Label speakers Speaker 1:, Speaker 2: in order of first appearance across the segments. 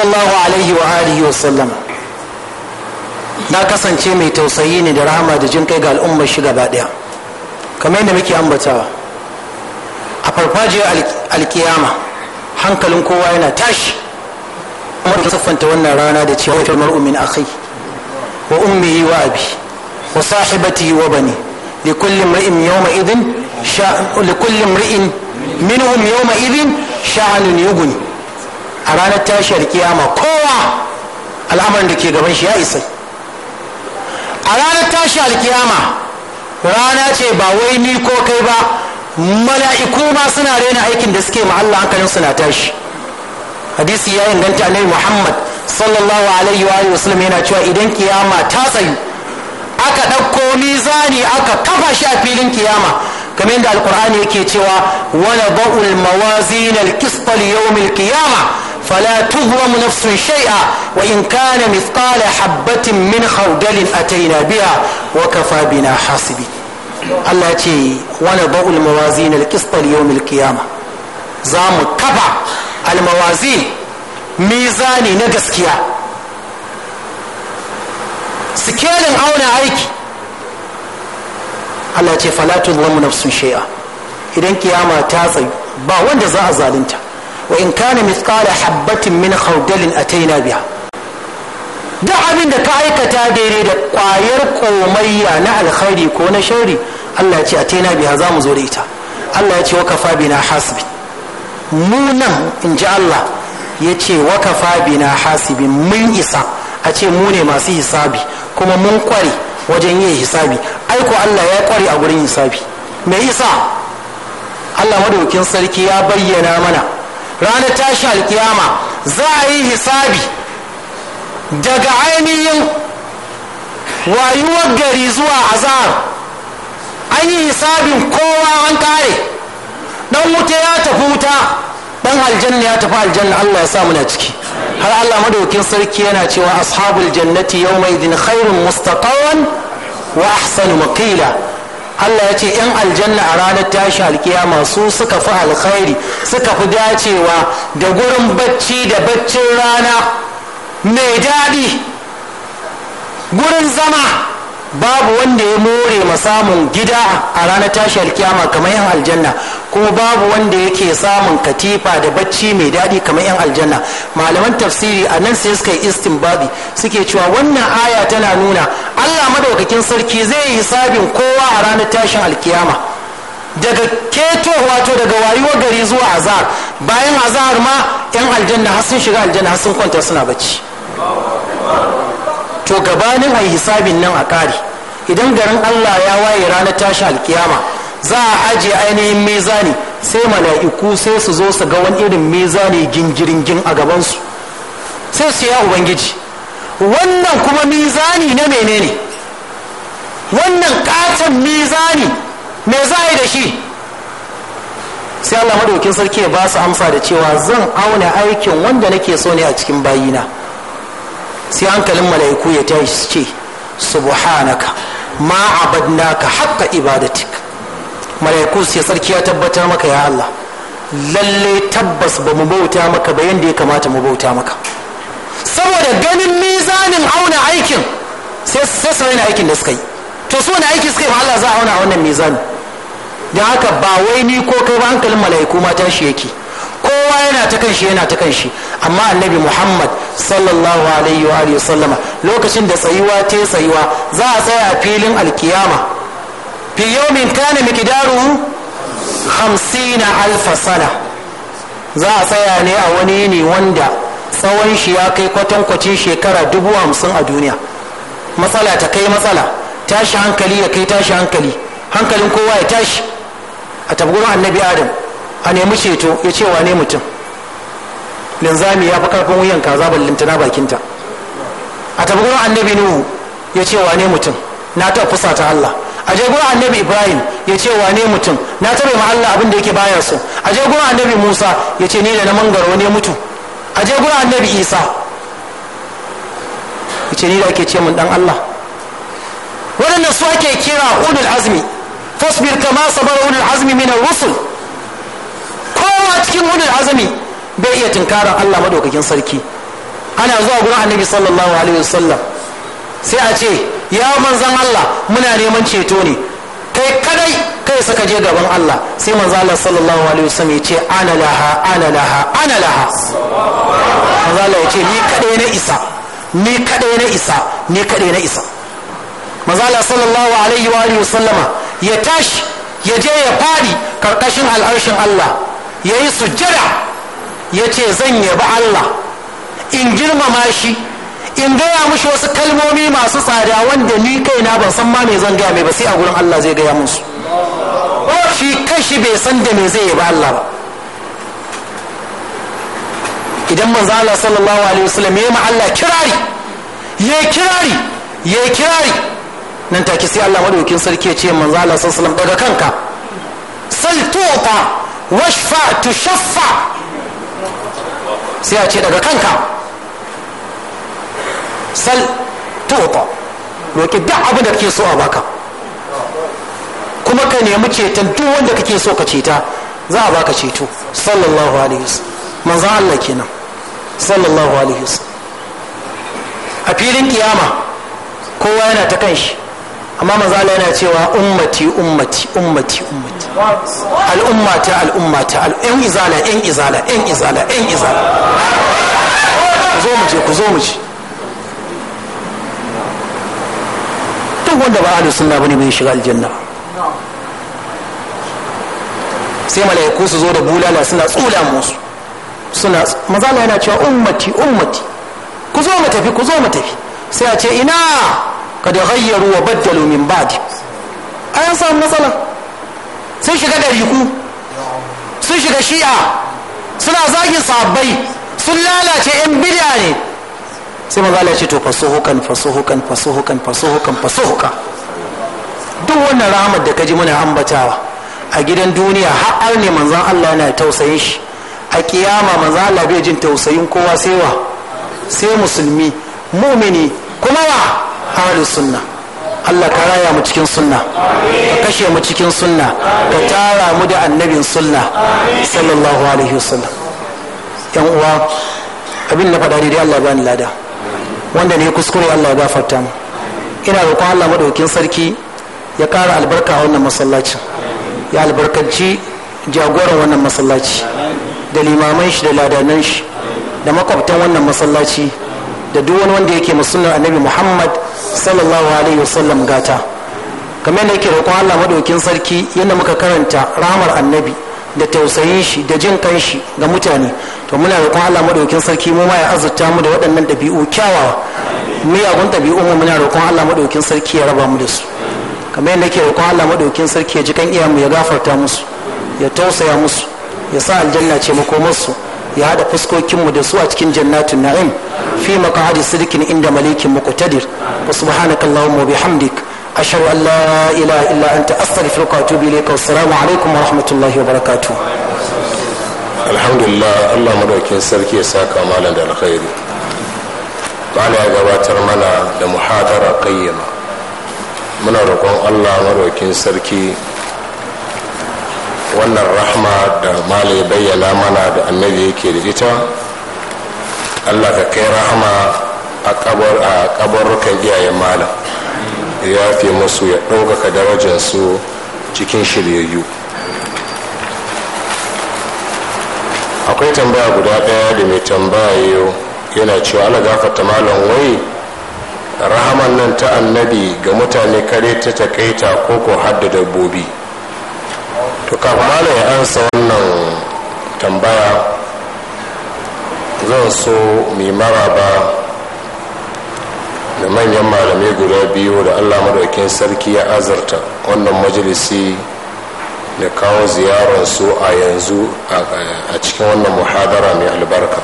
Speaker 1: sallallahu alaihi wa alihi wa sallam na kasance mai tausayi ne da rahama da jin kai ga al'ummar shi gaba daya kamar yadda muke ambatawa a farfajiyar alkiyama hankalin kowa yana tashi kuma da siffanta wannan rana da cewa firmar marumin akai wa ummihi wa abi wa sahibati wa bani li kulli imri'in yawma idin sha'an li kulli imri'in minhum yawma idin sha'anun yughni a ranar tashiyar kiyama kowa al'amarin da ke gaban shi ya isa a ranar tashi alkiyama rana ce ba wai ni ko kai ba mala'iku ma suna rena aikin da suke ma'alla hankalin suna tashi hadisi ya inganta annabi muhammad sallallahu alaihi wa sallam yana cewa idan kiyama ta tsayu aka ɗauko mizani aka kafa shi a filin kiyama kamar yadda alkur'ani yake cewa wani ba'ul mawazin alkistal yawmil kiyama فلا تظلم نفس شيئا وإن كان مثقال حبة من خردل أتينا بها وكفى بنا حاسبين Allah ce wani ba'ul mawazin alkistar yau milkiyama za mu kafa almawazin mizani na gaskiya sikelin auna aiki Allah ce falatun lamu nafsun shai'a idan kiyama ta tsayu ba wanda za a zalunta wa in kana mithqala habbatin min khardalin a biha duk abin da ka aikata daidai da kwayar komayya na alkhairi ko na shari Allah ya ce ataina biha za mu zo da ita Allah ya ce wa kafa bina hasibi mu nan in ji Allah ya ce wa kafa bina hasibi mun isa a ce mu ne masu hisabi kuma mun kware wajen yin hisabi aiko Allah ya kware a gurin hisabi mai isa Allah madaukin sarki ya bayyana mana ranar tashi alkiyama za a yi hisabi daga ainihin wayuwar gari zuwa azahar an yi hisabin kowa an kare dan wuta ya tafi wuta dan aljanna ya tafi aljanna allah ya sa muna ciki har allah madaukin sarki yana cewa ashabul jannati yawma din khairun mustaqawan wa ahsanu maqila Allah ya ce yan aljanna a ranar tashi alkiyama su suka fi alkhairi suka fi dacewa da gurin bacci da baccin rana mai daɗi gurin zama babu wanda ya more ma samun gida a ranar tashi alkiyama kamar yan aljanna kuma babu wanda yake samun katifa da bacci mai daɗi kamar 'yan aljanna malaman tafsiri a nan sai suka yi babi suke cewa wannan aya tana nuna allah madaukakin sarki zai yi hisabin kowa a ranar tashin alkiyama daga keto wato daga wayuwar gari zuwa azar bayan azar ma 'yan aljanna har sun shiga aljanna har sun kwanta suna bacci to gabanin a hisabin nan a ƙari idan garin allah ya waye ranar tashin alkiyama za a ajiye ainihin mizani sai mala'iku sai su zo su ga wani irin mizani gingiringin a gabansu sai su ya ubangiji wannan kuma mizani na menene wannan katon mizani me za a yi da shi sai Allah madaukin sarki ya ba su amsa da cewa zan auna aikin wanda nake so ne a cikin bayina sai hankalin mala'iku ya tashi ce subhanaka ma abadnaka haqqa ibadatik malaiku ya sarki ya tabbatar maka ya Allah lalle tabbas ba mu bauta maka ba yadda ya kamata mu bauta maka saboda ganin mizanin auna aikin sai su na aikin da suka yi to su wani aiki suka yi Allah za a auna wannan mizani don haka ba wai ni ko kai ba hankalin malaiku ma tashi yake kowa yana ta kan shi yana ta kan shi amma annabi muhammad sallallahu alaihi wa sallama lokacin da tsayuwa ta tsayuwa za a tsaya a filin alkiyama fi yawmin kana miqdaru 50 alf sana za a tsaya ne a wani ne wanda tsawon shi ya kai kwatankwacin shekara dubu hamsin a duniya matsala ta kai matsala tashi hankali ya kai tashi hankali hankalin kowa ya tashi a tabgurin annabi adam a nemi ceto ya ce wane mutum linzami ya fi karfin wuyan kaza lintana bakinta a tabgurin annabi nuhu ya ce wane mutum na ta fusa ta allah a je gurin annabi ibrahim ya ce wane mutum na taɓa ma allah abin da yake baya so a je gurin annabi musa ya ce ni da na mangaro ne mutu a je gurin annabi isa ya ce ni da ake ce mun dan allah waɗannan su ake kira ulul azmi fasbir kama sabara ulul azmi min rusul kowa cikin ulul azmi bai iya tunkarar allah madaukakin sarki ana zuwa gurin annabi sallallahu alaihi wasallam sai a ce ya manzan Allah muna neman ceto ne kai kadai kai suka je gaban Allah sai manzan Allah sallallahu alaihi wasallam ya ce ana laha ana laha ana laha manzan Allah ya ce ni kadai na isa ni kadai na isa ni kadai na isa manzan Allah sallallahu alaihi wa alihi wasallama ya tashi ya je ya fadi karkashin al'arshin Allah ya yi sujjada ya ce zan yabi Allah in girmama shi in gaya mushi wasu kalmomi masu tsada wanda ni kaina ban san ma me zan gaya mai ba sai a gurin Allah zai gaya musu shi kashi bai san da me zai yi ba Allah ba idan manzo Allah sallallahu alaihi wasallam ya ma Allah kirari ya kirari ya kirari nan take sai Allah madaukin sarki ya ce manzo Allah sallallahu daga kanka sal tuqa washfa tushaffa sai a ce daga kanka sal tuta roƙi duk abin da kake so a baka kuma ka nemi ceton duk wanda kake so ka ceta za a baka ceto sallallahu alaihi wasallam manzo Allah kenan sallallahu alaihi wasallam a filin kiyama kowa yana ta kan shi amma manzo Allah yana cewa ummati ummati ummati ummati al'ummata al'ummata al'in izala in izala in izala in izala zo mu je ku zo mu je wanda ba ahlus suna bane bai shiga aljanna sai malaiku su zo da bulala suna tsula musu suna mazala yana cewa ummati ummati ku zo mu tafi ku zo mu tafi sai a ce ina ka da hayyaru wa baddalu min ba'di 'yan samu matsala sun shiga dariku sun shiga shi'a suna zagin sahabbai sun lalace yan birane. ne sai maza ya ce to fasuhukan fasuhukan fasuhukan fasuhukan huka duk wannan rahamar da ka ji muna ambatawa a gidan duniya har ne manzan Allah yana tausayin shi a kiyama manzan Allah bai jin tausayin kowa sai wa sai musulmi mumini kuma wa ahlus sunna Allah ka raya mu cikin sunna ka kashe mu cikin sunna ka tara mu da annabin sunna sallallahu alaihi wasallam yan uwa abin na faɗa dai Allah ya bani lada wanda ne kuskure Allah ya gafarta mu ina roƙon Allah madaukakin sarki ya kara albarka a wannan masallaci ya albarkaci jagoran wannan masallaci da limaman shi da ladanan shi da makwabtan wannan masallaci da duk wani wanda yake musulman annabi Muhammad sallallahu alaihi wasallam gata kamar yake roƙon Allah madaukakin sarki yadda muka karanta ramar annabi da tausayin shi da jin kan shi ga mutane to muna roƙon Allah madaukakin sarki mu ma ya azurta mu da waɗannan ɗabi'u kyawawa miyagun ɗabi'un mu muna roƙon Allah madaukakin sarki ya raba mu da su kamar yadda ke roƙon Allah madaukakin sarki ya ji kan iyamu ya gafarta musu ya tausaya musu ya sa aljanna ce makomarsu ya haɗa mu da su a cikin jannatin na'im fi maqadi sidikin inda malikin muqtadir wa subhanaka allahumma bihamdik ashhadu an la ilaha illa anta astaghfiruka wa atubu ilayka assalamu alaikum wa rahmatullahi wa barakatuh
Speaker 2: alhamdulillah allah madaukin sarki ya saka malam da alkhairi malam ya gabatar mana da muhadara qayyima muna roƙon allah madaukin sarki wannan rahma da malam ya bayyana mana da annabi yake da ita allah ka kai rahma a kabarukan iyayen malam ya fi musu ya ɗaukaka darajarsu cikin shiryayyu akwai tambaya guda ɗaya da mai tambaya yana cewa ana gafarta malam wai rahaman nan ta annabi ga mutane kare ta takaita ko ko hadda dabbobi to kafin malam ya ansa wannan tambaya zan so mai maraba da manyan malamai guda biyu da allah madaukin sarki ya azarta wannan majalisi da kawo ziyarar su a yanzu a cikin wannan muhadara mai albarka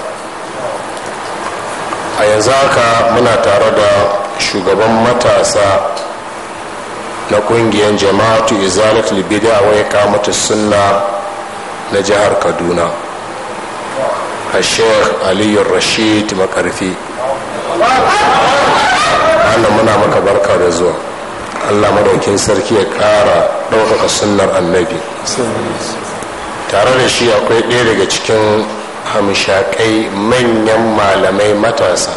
Speaker 2: a yanzu haka muna tare da shugaban matasa na kungiyar jama'atu izalat libida wai kamata sunna na jihar kaduna a sheikh aliyu rashid makarfi wannan muna maka barka da zuwa allah madaukin sarki ya kara ɗaukaka sunnar annabi tare da shi akwai ɗaya daga cikin hamshakai manyan malamai matasa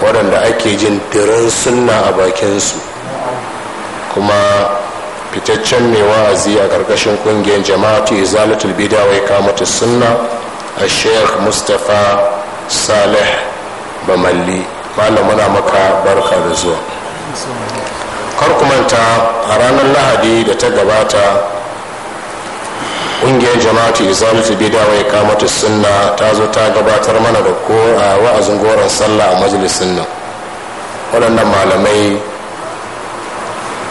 Speaker 2: waɗanda ake jin dirin sunna a bakin su kuma fitaccen mai wa'azi a ƙarƙashin ƙungiyar jama'atu izalatul bida wai kamata sunna a sheikh mustapha saleh bamalli malam maka barka da zuwa kar ku manta a ranar lahadi da ta gabata ƙungiyar jama'atu izalatu bida wai kamatu sunna ta zo ta gabatar mana da ko a wa'azin goron sallah a majalisun nan waɗannan malamai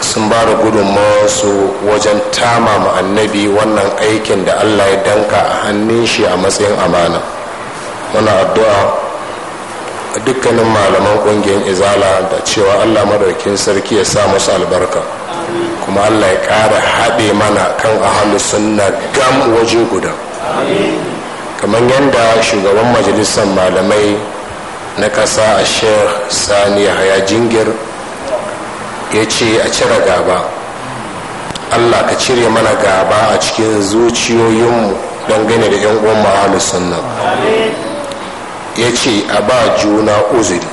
Speaker 2: sun ba da su wajen tama annabi wannan aikin da allah ya danka a hannun shi a matsayin amana muna addu'a A dukkanin malaman ƙungiyar izala da cewa allah madaukin sarki ya sa musu albarka kuma allah ya ƙara haɗe mana kan ahalu sunna gam waje guda kamar yadda shugaban majalisar malamai na ƙasa a sheikh sani ya jingir ya ce a cire gaba allah ka cire mana gaba a cikin zuciyoyinmu dangane da 'yan uwan hannu sunna ya ce a ba juna uzuri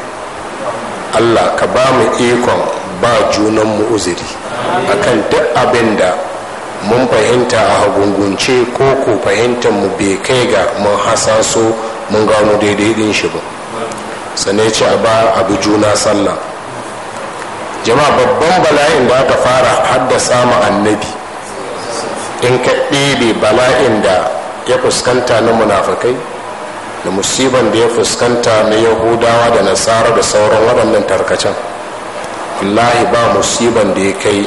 Speaker 2: allah ka ba mu ikon ba junan mu uzuri akan duk abin da mun fahimta a hagungunce ko ko fahimtar mu bai kai ga mun hasaso mun gano daidai din shi ba sannan ce a ba abu juna sallah jama'a babban bala'in da aka fara haddasa ma annabi in ka ɗebe bala'in da ya fuskanta na munafakai da musiban da ya fuskanta na yahudawa da nasara da sauran waɗannan tarkacen wallahi ba musiban da ya kai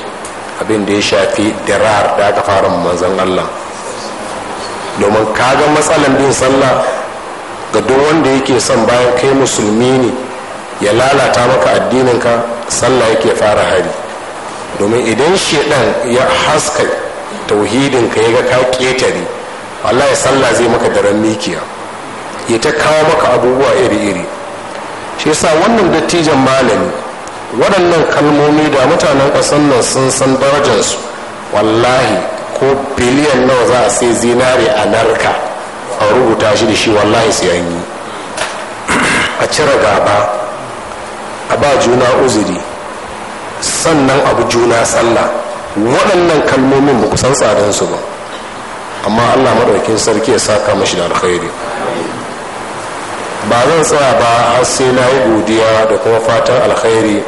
Speaker 2: abin da ya shafi dirar da aka fara manzan allah domin kaga matsalan bin sallah ga duk wanda yake son bayan kai musulmi ne ya lalata maka addininka sallah yake fara hari domin idan shedan ya haska tauhidinka ya ga ka ketare wallahi sallah zai maka daren mikiya ya ta kawo maka abubuwa iri-iri shi yasa wannan dattijan malami waɗannan kalmomi da mutanen ƙasar nan sun san darajarsu wallahi ko biliyan nawa za a sai zinari a narka a rubuta shi da shi wallahi sai an yi a cire gaba a ba juna uzuri sannan abu juna sallah waɗannan kalmomin ba ku san tsadansu ba amma allah maɗaukin sarki ya saka mashi da alkhairi ba zan tsaya ba har sai na yi godiya da kuma fatan alkhairi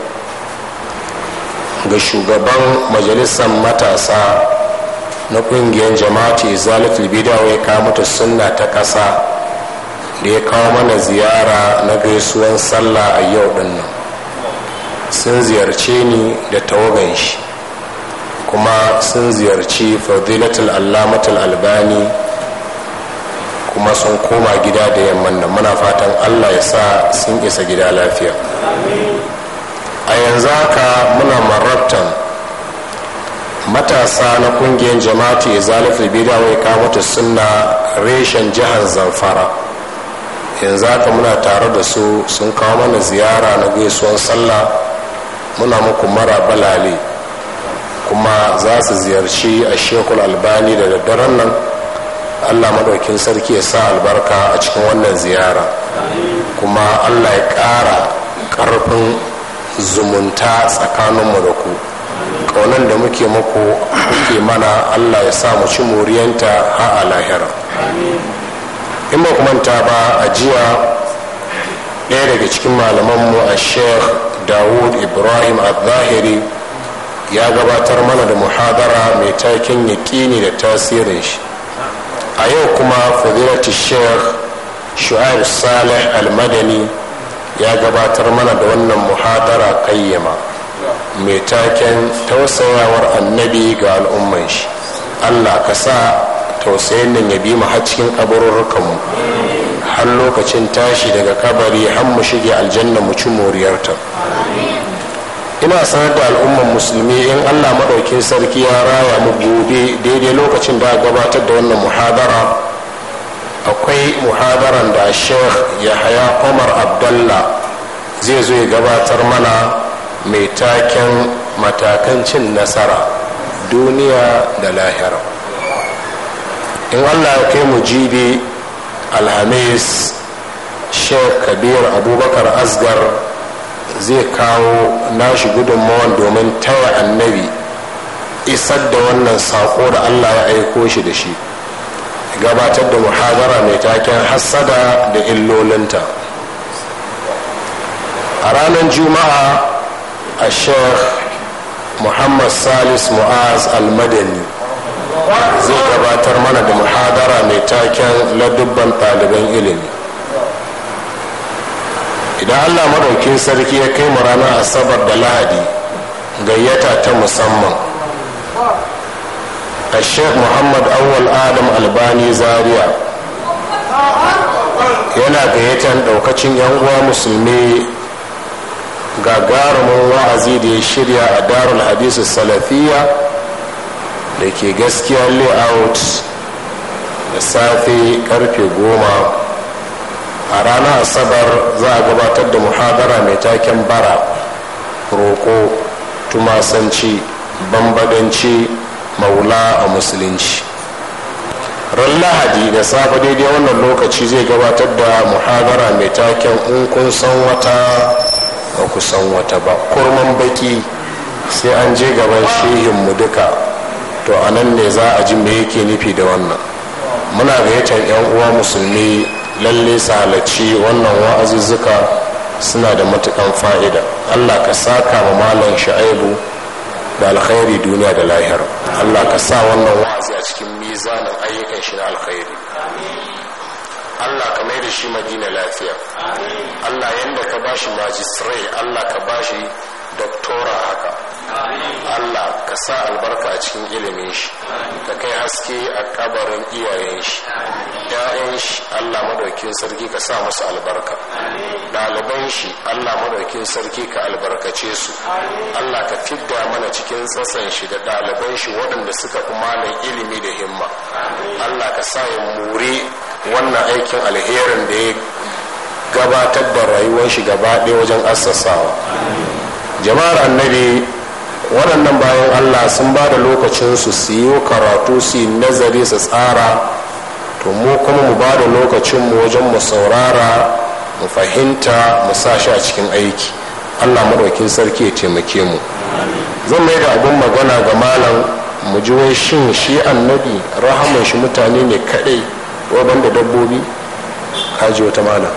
Speaker 2: ga shugaban majalisar matasa na kungiyar jama'ati zalif libidawa ya kawo mata sunna ta ƙasa da ya kawo mana ziyara na gaisuwan sallah a yau dinnan sun ziyarce ni da tawagan shi kuma sun ziyarci fadilatul allamatul albani kuma sun koma gida da yamman nan muna fatan allah ya sa sun isa gida lafiya a yanzu haka muna marabtan matasa na kungiyar jama'ati izalatul bida wai ta suna reshen jihar zamfara yanzu haka muna tare da su sun kawo mana ziyara na gaisuwan sallah muna muku mara balale kuma za su ziyarci a shekul albani da daddaren nan allah maɗaukin sarki ya sa albarka a cikin wannan ziyara kuma allah ya ƙara ƙarfin zumunta tsakaninmu da ku ƙaunar da muke muku muke mana allah ya sa mu ci muriyanta ha a lahira in ba manta ba a jiya ɗaya daga cikin malamanmu a sheikh dawud ibrahim al-zahiri ya gabatar mana da muhadara mai takin yaƙini da tasirin shi a yau kuma fadilatu sheikh shu'aib salih almadani ya gabatar mana da wannan muhadara kayyama mai taken tausayawar annabi ga al'umman shi allah ka sa tausayin nan ya bi mu har cikin kabarurrukanmu har lokacin tashi daga kabari har mu shige aljanna mu ci moriyarta ina sanar da al'ummar musulmi in allah maɗaukin sarki ya raya mu gobe daidai lokacin da gabatar da wannan muhadara akwai muhadaran da sheikh yahaya umar abdullah zai zo ya gabatar mana mai taken matakan cin nasara duniya da lahira in allah ya kai mu jibi alhamis sheikh kabir abubakar asgar zai kawo nashi gudunmawan domin taya annabi isar da wannan saƙo da allah ya aiko shi da shi gabatar da muhazara mai taken hassada da illolinta a ranar juma'a a sheikh muhammad salis mu'az al-madani zai gabatar mana da muhadara mai taken ladubban ɗaliban ilimi idan allah maɗaukin sarki ya kai mu ranar asabar da lahadi gayyata ta musamman a sheikh muhammad awwal adam albani zaria yana gayyatar ɗaukacin yan uwa musulmi gagarumin wa'azi da ya shirya a darul hadisu salafiya da ke gaskiya layout da safe karfe goma a ranar asabar za a gabatar da muhadara mai taken bara roƙo tumasanci bambadanci maula a musulunci ran lahadi da safe daidai wannan lokaci zai gabatar da muhadara mai taken in kun san wata ba ku san wata ba kurman baki sai an je gaban shehinmu duka to a nan ne za a ji me yake nufi da wannan muna gayyatar 'yan uwa musulmi lalle su halarci wannan wa'azuzzuka suna da matukan fa'ida allah ka saka ma malam sha'ibu da alkhairi duniya da lahira allah ka sa wannan wa'azi a cikin mizanin ayyukan shi na alkhairi allah ka mai da shi madina lafiya allah yadda ka bashi majistirai allah ka bashi doktora haka Allah ka sa albarka a cikin ilimin shi ka kai haske a kabarin iyayen shi ‘ya'yan shi Allah madaukin sarki ka sa musu albarka ɗaliban shi Allah madaukin sarki ka albarkace su Allah ka fidda mana cikin tsasan shi da ɗaliban shi waɗanda suka fi malam ilimi da himma Allah ka sa ya muri wannan aikin alherin da ya gabatar da rayuwar shi gaba ɗaya wajen assasawa jama'ar annabi waɗannan bayan allah sun ba da lokacinsu su yi karatu su yi nazari su tsara to mu kuma mu ba da lokacinmu wajen mu saurara mu fahimta mu sa shi a cikin aiki allah maɗaukin sarki ya taimake mu zan mai da abin magana ga malam mu ji wai shin shi annabi rahaman shi mutane ne kaɗai waɗanda dabbobi kaji wata malam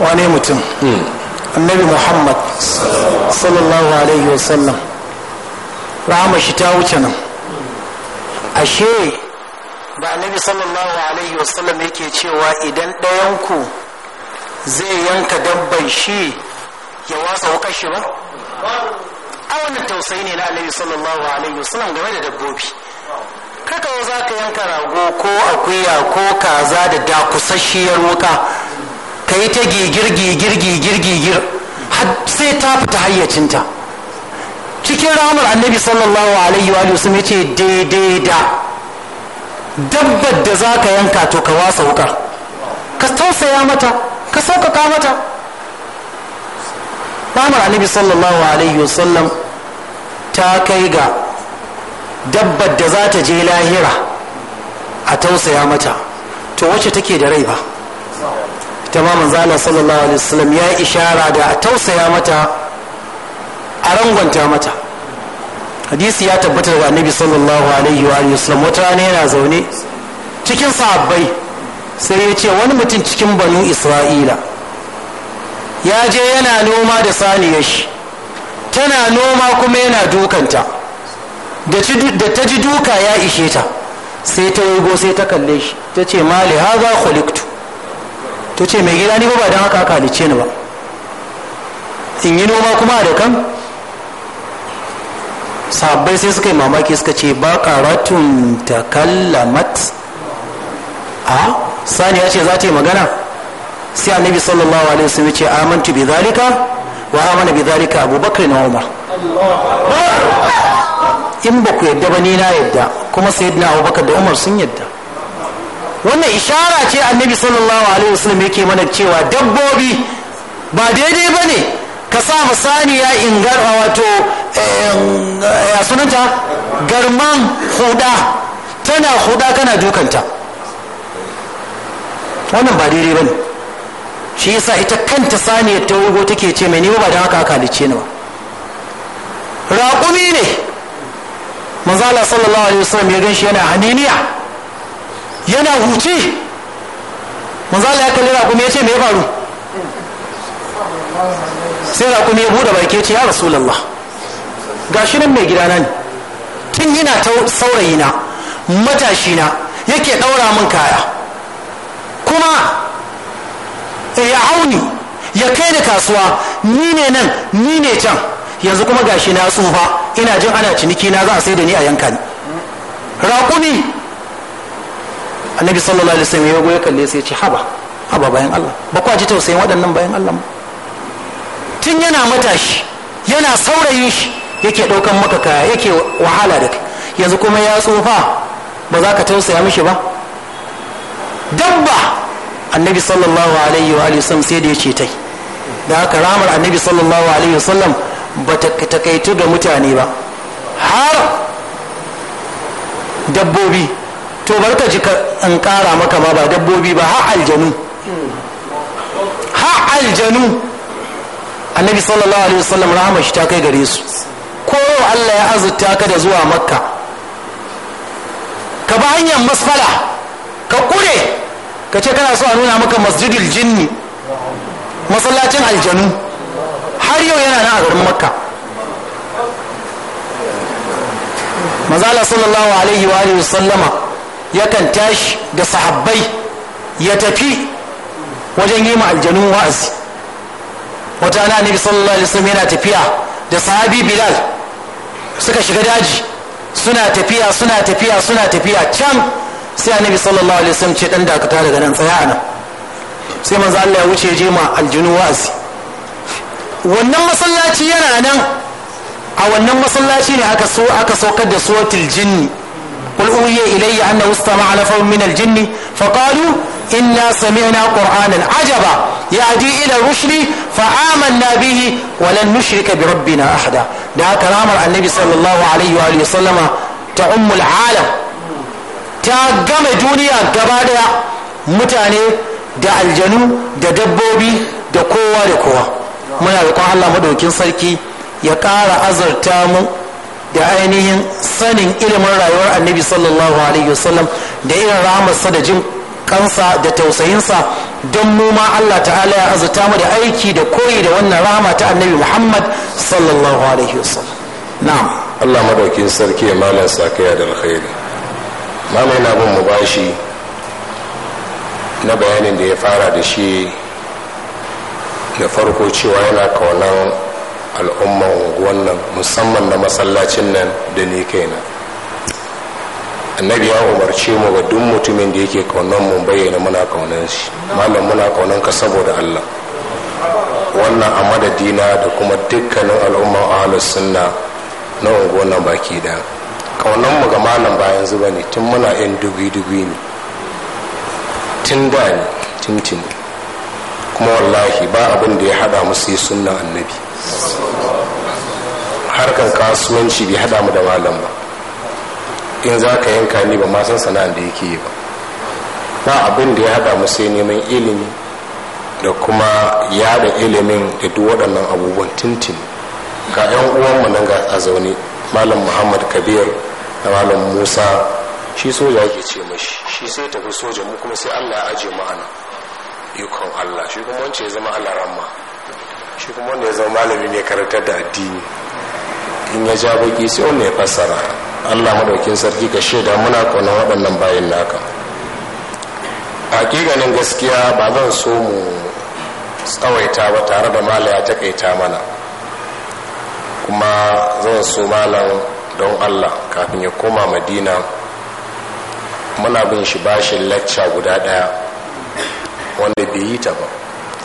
Speaker 1: wane mutum hmm. annabi muhammad sallallahu alaihi wasallam rahama shi ta wuce nan ashe ba annabi sallallahu alaihi wasallam yake cewa idan ɗayanku zai yanka dabban shi ya wasa wuka shi ba a wannan tausayi ne na annabi sallallahu alaihi wasallam game da dabbobi kaka za ka yanka rago ko akuya ko kaza da dakusasshiyar wuka ka yi ta gigir gigir gigir gigir har sai ta fita hayyacinta cikin ramar annabi sallallahu alaihi wa sallam ya ce daidai da dabbar da za ka yanka to ka wasa wukar ka tausaya mata ka sauƙaƙa mata Ramar annabi sallallahu alaihi wa sallam ta kai ga dabbar da za ta je lahira a tausaya mata to wacce take da rai ba ita ma manzala sallallahu alaihi wa sallam ya ishara da a tausaya mata a rangwanta mata hadisi ya tabbata daga annabi sallallahu alaihi wa alihi wata rana yana zaune cikin sahabbai sai ya ce wani mutum cikin banu isra'ila ya je yana noma da saniyar shi tana noma kuma yana dukanta da ta ji duka ya ishe ta sai ta go sai ta kalle shi ta ce mali haza kwaliktu ta ce mai gida ni ba don haka haka halice ni ba in yi noma kuma da kan sahabbai sai suka yi mamaki suka ce ba ta takallamat a ya ce za ta yi magana sai annabi sallallahu alaihi wasallam ya ce amantu bi zalika wa amana bi zalika abubakar na umar in ba ku yadda ba ni na yadda kuma sayyidina abubakar da umar sun yadda wannan ishara ce annabi sallallahu alaihi wasallam yake mana cewa dabbobi ba daidai ba ne ka sa musaniya in a wato eh, ya sunanta garman huda tana huda kana dukanta wannan ba daidai ba ne shi yasa ita kanta saniyar ta wugo take ce mai nima ba da haka aka halicce ni ba raƙumi ne manzala sallallahu alaihi wasallam ya gan shi yana haniniya yana huce manzala ya kalli raƙumi ya ce me faru sai raƙumi ya bude baki ce ya rasulullah gashi nan mai gidana ne tun yana ta saurayi na matashi na yake ɗaura min kaya kuma eh, ya auni ya kai ni kasuwa ni ne nan ni ne can yanzu kuma gashi na tsufa ina jin ana ciniki na za a sai da ni a yanka ni raƙumi annabi sallallahu alaihi wasallam ya goye kalle sai ya ce haba haba bayan Allah ba kwaji tausayin waɗannan bayan Allah ba tun yana matashi yana saurayin shi yake ɗaukan maka kaya yake wahala da kai yanzu kuma ya tsufa ba za ka tausaya mishi ba dabba annabi sallallahu alaihi wa sallam sai da ya ce tai da haka ramar annabi sallallahu alaihi wa sallam ba ta takaitu ga mutane ba har dabbobi to bar ka ji in kara maka ma ba dabbobi ba har aljanu har aljanu annabi sallallahu alaihi wasallam rahama shi ta kai gare su ko Allah ya azurta ka da zuwa makka ka ba hanyar masfala ka kure ka ce kana so a nuna maka masjidul jinni masallacin aljanu har yau yana nan a garin makka mazala sallallahu alaihi wa alihi sallama yakan tashi da sahabbai ya tafi wajen yi ma aljanu wa'azi wata ana annabi sallallahu alaihi wasallam yana tafiya da sahabi bilal suka shiga daji suna tafiya suna tafiya suna tafiya can sai annabi sallallahu alaihi wasallam ce dan dakata daga nan tsaya nan sai manzo Allah ya wuce je ma aljunu wa'azi wannan masallaci yana nan a wannan masallaci ne aka so aka saukar da suratul jinni qul uhiya ilayya annahu istama'a nafar min aljinni faqalu inna sami'na qur'anan ajaba yahdi ila rushdi fa amanna bihi wa lan nushrika bi rabbina ahada da haka ramar annabi sallallahu alaihi wa sallama ta ummul alam ta game duniya gaba daya mutane da aljanu da dabbobi da kowa da kowa muna roƙon Allah madaukin sarki ya ƙara azarta da ainihin sanin ilimin rayuwar annabi sallallahu alaihi wasallam da irin rahamarsa da jin kansa da tausayinsa don mu Allah ta'ala ya azuta mu da aiki da koyi da wannan rahama ta annabi Muhammad sallallahu alaihi wasallam
Speaker 2: na'am Allah madaukin sarki ya malam sakaya da alkhairi malai na bin mu bashi na bayanin da ya fara da shi da farko cewa yana kaunan al'umman wannan musamman na masallacin nan da ni kaina annabi ya umarce mu ga duk mutumin da yake kaunan mu bayyana muna kaunan shi malam muna kaunan ka saboda Allah wannan a madadina da kuma dukkanin al'umman ahlus sunna na unguwar nan baki da kaunan mu ga malam ba yanzu bane tun muna yan dubi dubi ne tun da ne tun kuma wallahi ba abin da ya hada mu sai sunnan annabi harkan kasuwanci bai hada mu da malam ba in za ka yanka ni ba ma san sana'a da yake yi ba ba abin da ya haɗa mu sai neman ilimi da kuma yada ilimin da duk waɗannan abubuwan tintin ga 'yan uwanmu nan ga a zaune malam muhammad kabir da malam musa shi soja yake ce mashi shi sai tafi soja mu kuma sai allah ya aje ma'ana ikon allah shi kuma wance ya zama ramma shi kuma wanda ya zama malami ne karatar da addini in ya ja baki sai wanda ya fassara allah madaukin sarki ka shaida muna kona waɗannan bayan naka hakikanin gaskiya ba zan so mu tsawaita ba tare da mala ya takaita mana kuma zan so malam don allah kafin ya koma madina muna bin shi bashin lacca guda ɗaya wanda bai yi ta ba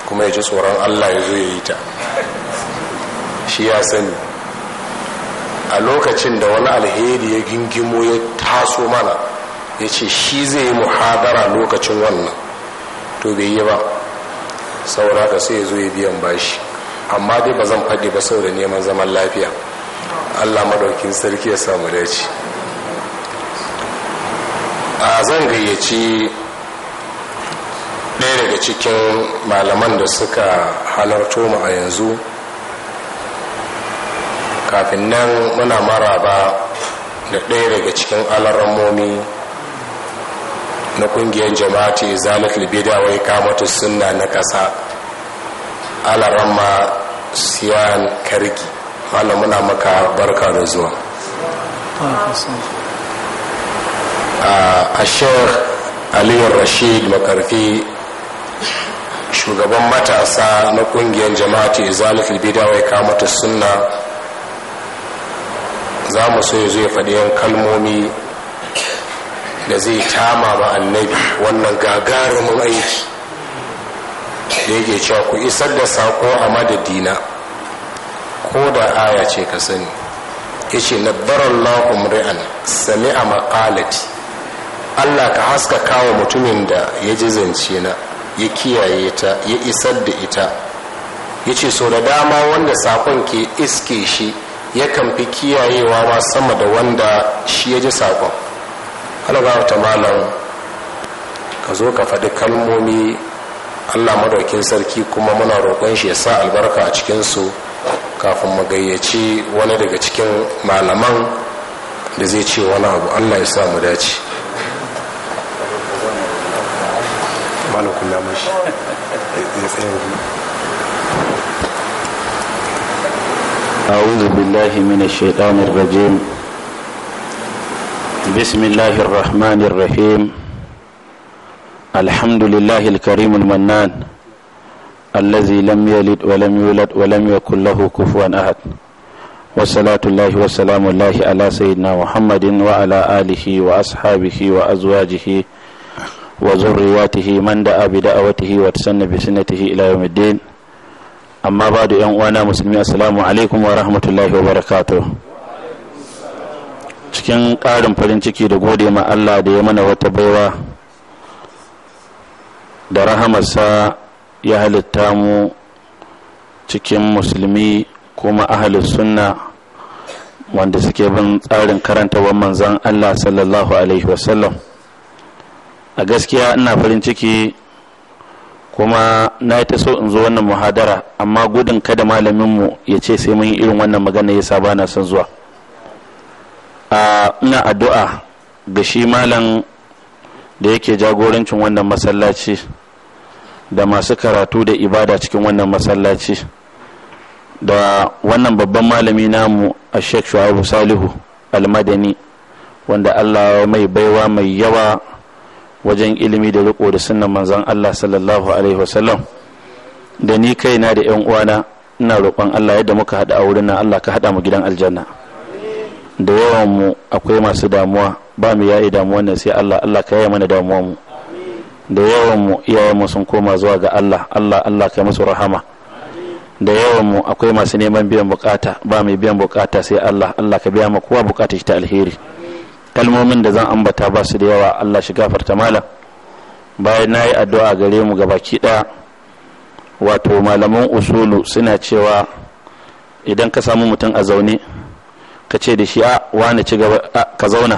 Speaker 2: kuma ya ji tsoron allah ya zo ya yi ta shi ya sani a lokacin da wani alheri ya gingimo ya taso mana ya ce shi zai yi muhadara lokacin wannan to bai yi ba saboda ka sai ya zo ya biyan bashi amma dai ba zan faɗi ba saboda neman zaman lafiya allah madaukin sarki ya samu dace a zan gayyaci ɗaya daga cikin malaman da suka halarto mu a yanzu kafin nan muna mara ba da ɗaya daga cikin alarammomi na kungiyar jama'ati zalat libida wai kamata suna na ƙasa alaramma siyan kargi wanda muna maka barka da zuwa ah, a shek aliyu rashid makarfi shugaban matasa na kungiyar jama'ati zalif libida wai kamata suna. za mu so ya zo ya faɗi yan kalmomi da zai tama ba annabi wannan gagarumin aiki da yake cewa ku isar da sako a madadina ko da aya ce ka sani ya ce na lahun ri'an sami a maƙalati allah ka haska kawo mutumin da ya ji zance na ya kiyaye ta ya isar da ita ya ce so da dama wanda sakon ke iske shi yakan fi kiyayewa ma sama da wanda shi ya ji saƙon halgawa ta malam ka zo ka faɗi kalmomi allah madaukin sarki kuma muna roƙon shi ya sa albarka a cikinsu kafin mu gayyaci wani daga cikin malaman da zai ce wani abu allah ya sa mu dace
Speaker 3: أعوذ بالله من الشيطان الرجيم بسم الله الرحمن الرحيم الحمد لله الكريم المنان الذي لم يلد ولم يولد ولم يكن له كفوا أحد وصلاة الله وسلام الله على سيدنا محمد وعلى آله وأصحابه وأزواجه وذرياته من دعا بدعوته وتسن بسنته إلى يوم الدين amma ba da yan uwana musulmi assalamu alaikum wa rahmatullahi wa barakatu cikin ƙarin farin ciki da gode ma Allah da ya mana wata baiwa da rahamarsa ya halitta mu cikin musulmi kuma ahalin sunna wanda suke bin tsarin karantawan manzan Allah sallallahu alaihi wasallam a gaskiya ina farin ciki kuma na yi ta so in zo wannan muhadara amma gudun kada malaminmu ya ce sai mun yi irin wannan magana ya saba na son zuwa A ina addu'a ga shi malam da yake jagorancin wannan masallaci da masu karatu da ibada cikin wannan masallaci da wannan babban malami namu a sheikh shu'abu salihu almadani wanda allah mai baiwa mai yawa wajen ilimi da riko da sunan manzon Allah sallallahu alaihi wasallam da ni kaina da yan uwana ina roƙon Allah yadda muka haɗa a wurin Allah ka haɗa mu gidan aljanna da yawan mu akwai masu damuwa ba mu yayi damuwa ne sai Allah Allah ka yaya mana damuwa mu da yawan mu iyayen mu sun koma zuwa ga Allah Allah Allah ka musu rahama da yawan mu akwai masu neman biyan bukata ba mu biyan bukata sai Allah Allah ka biya mu kowa bukata ta alheri kalmomin da zan ambata ba su da yawa Allah shi gafarta malam bayan na yi addu'a gare mu gabaki ɗaya wato malaman usulu suna cewa idan ka samu mutum a zaune ka ce da shi a wani ci gaba ka zauna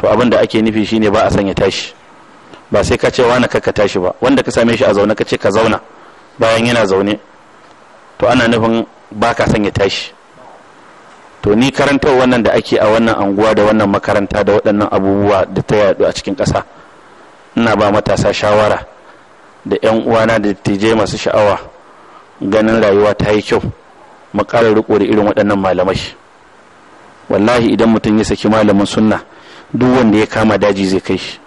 Speaker 3: to abin da ake nufi shine ba a sanya tashi ba sai ka ce ka ka tashi ba wanda ka same shi a zaune ka ce ka zauna bayan yana zaune to ana nufin ba ka sanya tashi to ni karantar wannan da ake a wannan anguwa da wannan makaranta da waɗannan abubuwa da ta yadu a cikin ƙasa ina ba matasa shawara da 'yan uwana da dattijai masu sha'awa ganin rayuwa ta yi kyau mu ƙara riƙo da irin waɗannan malamai wallahi idan mutum ya saki malamin sunna duk wanda ya kama daji zai kai shi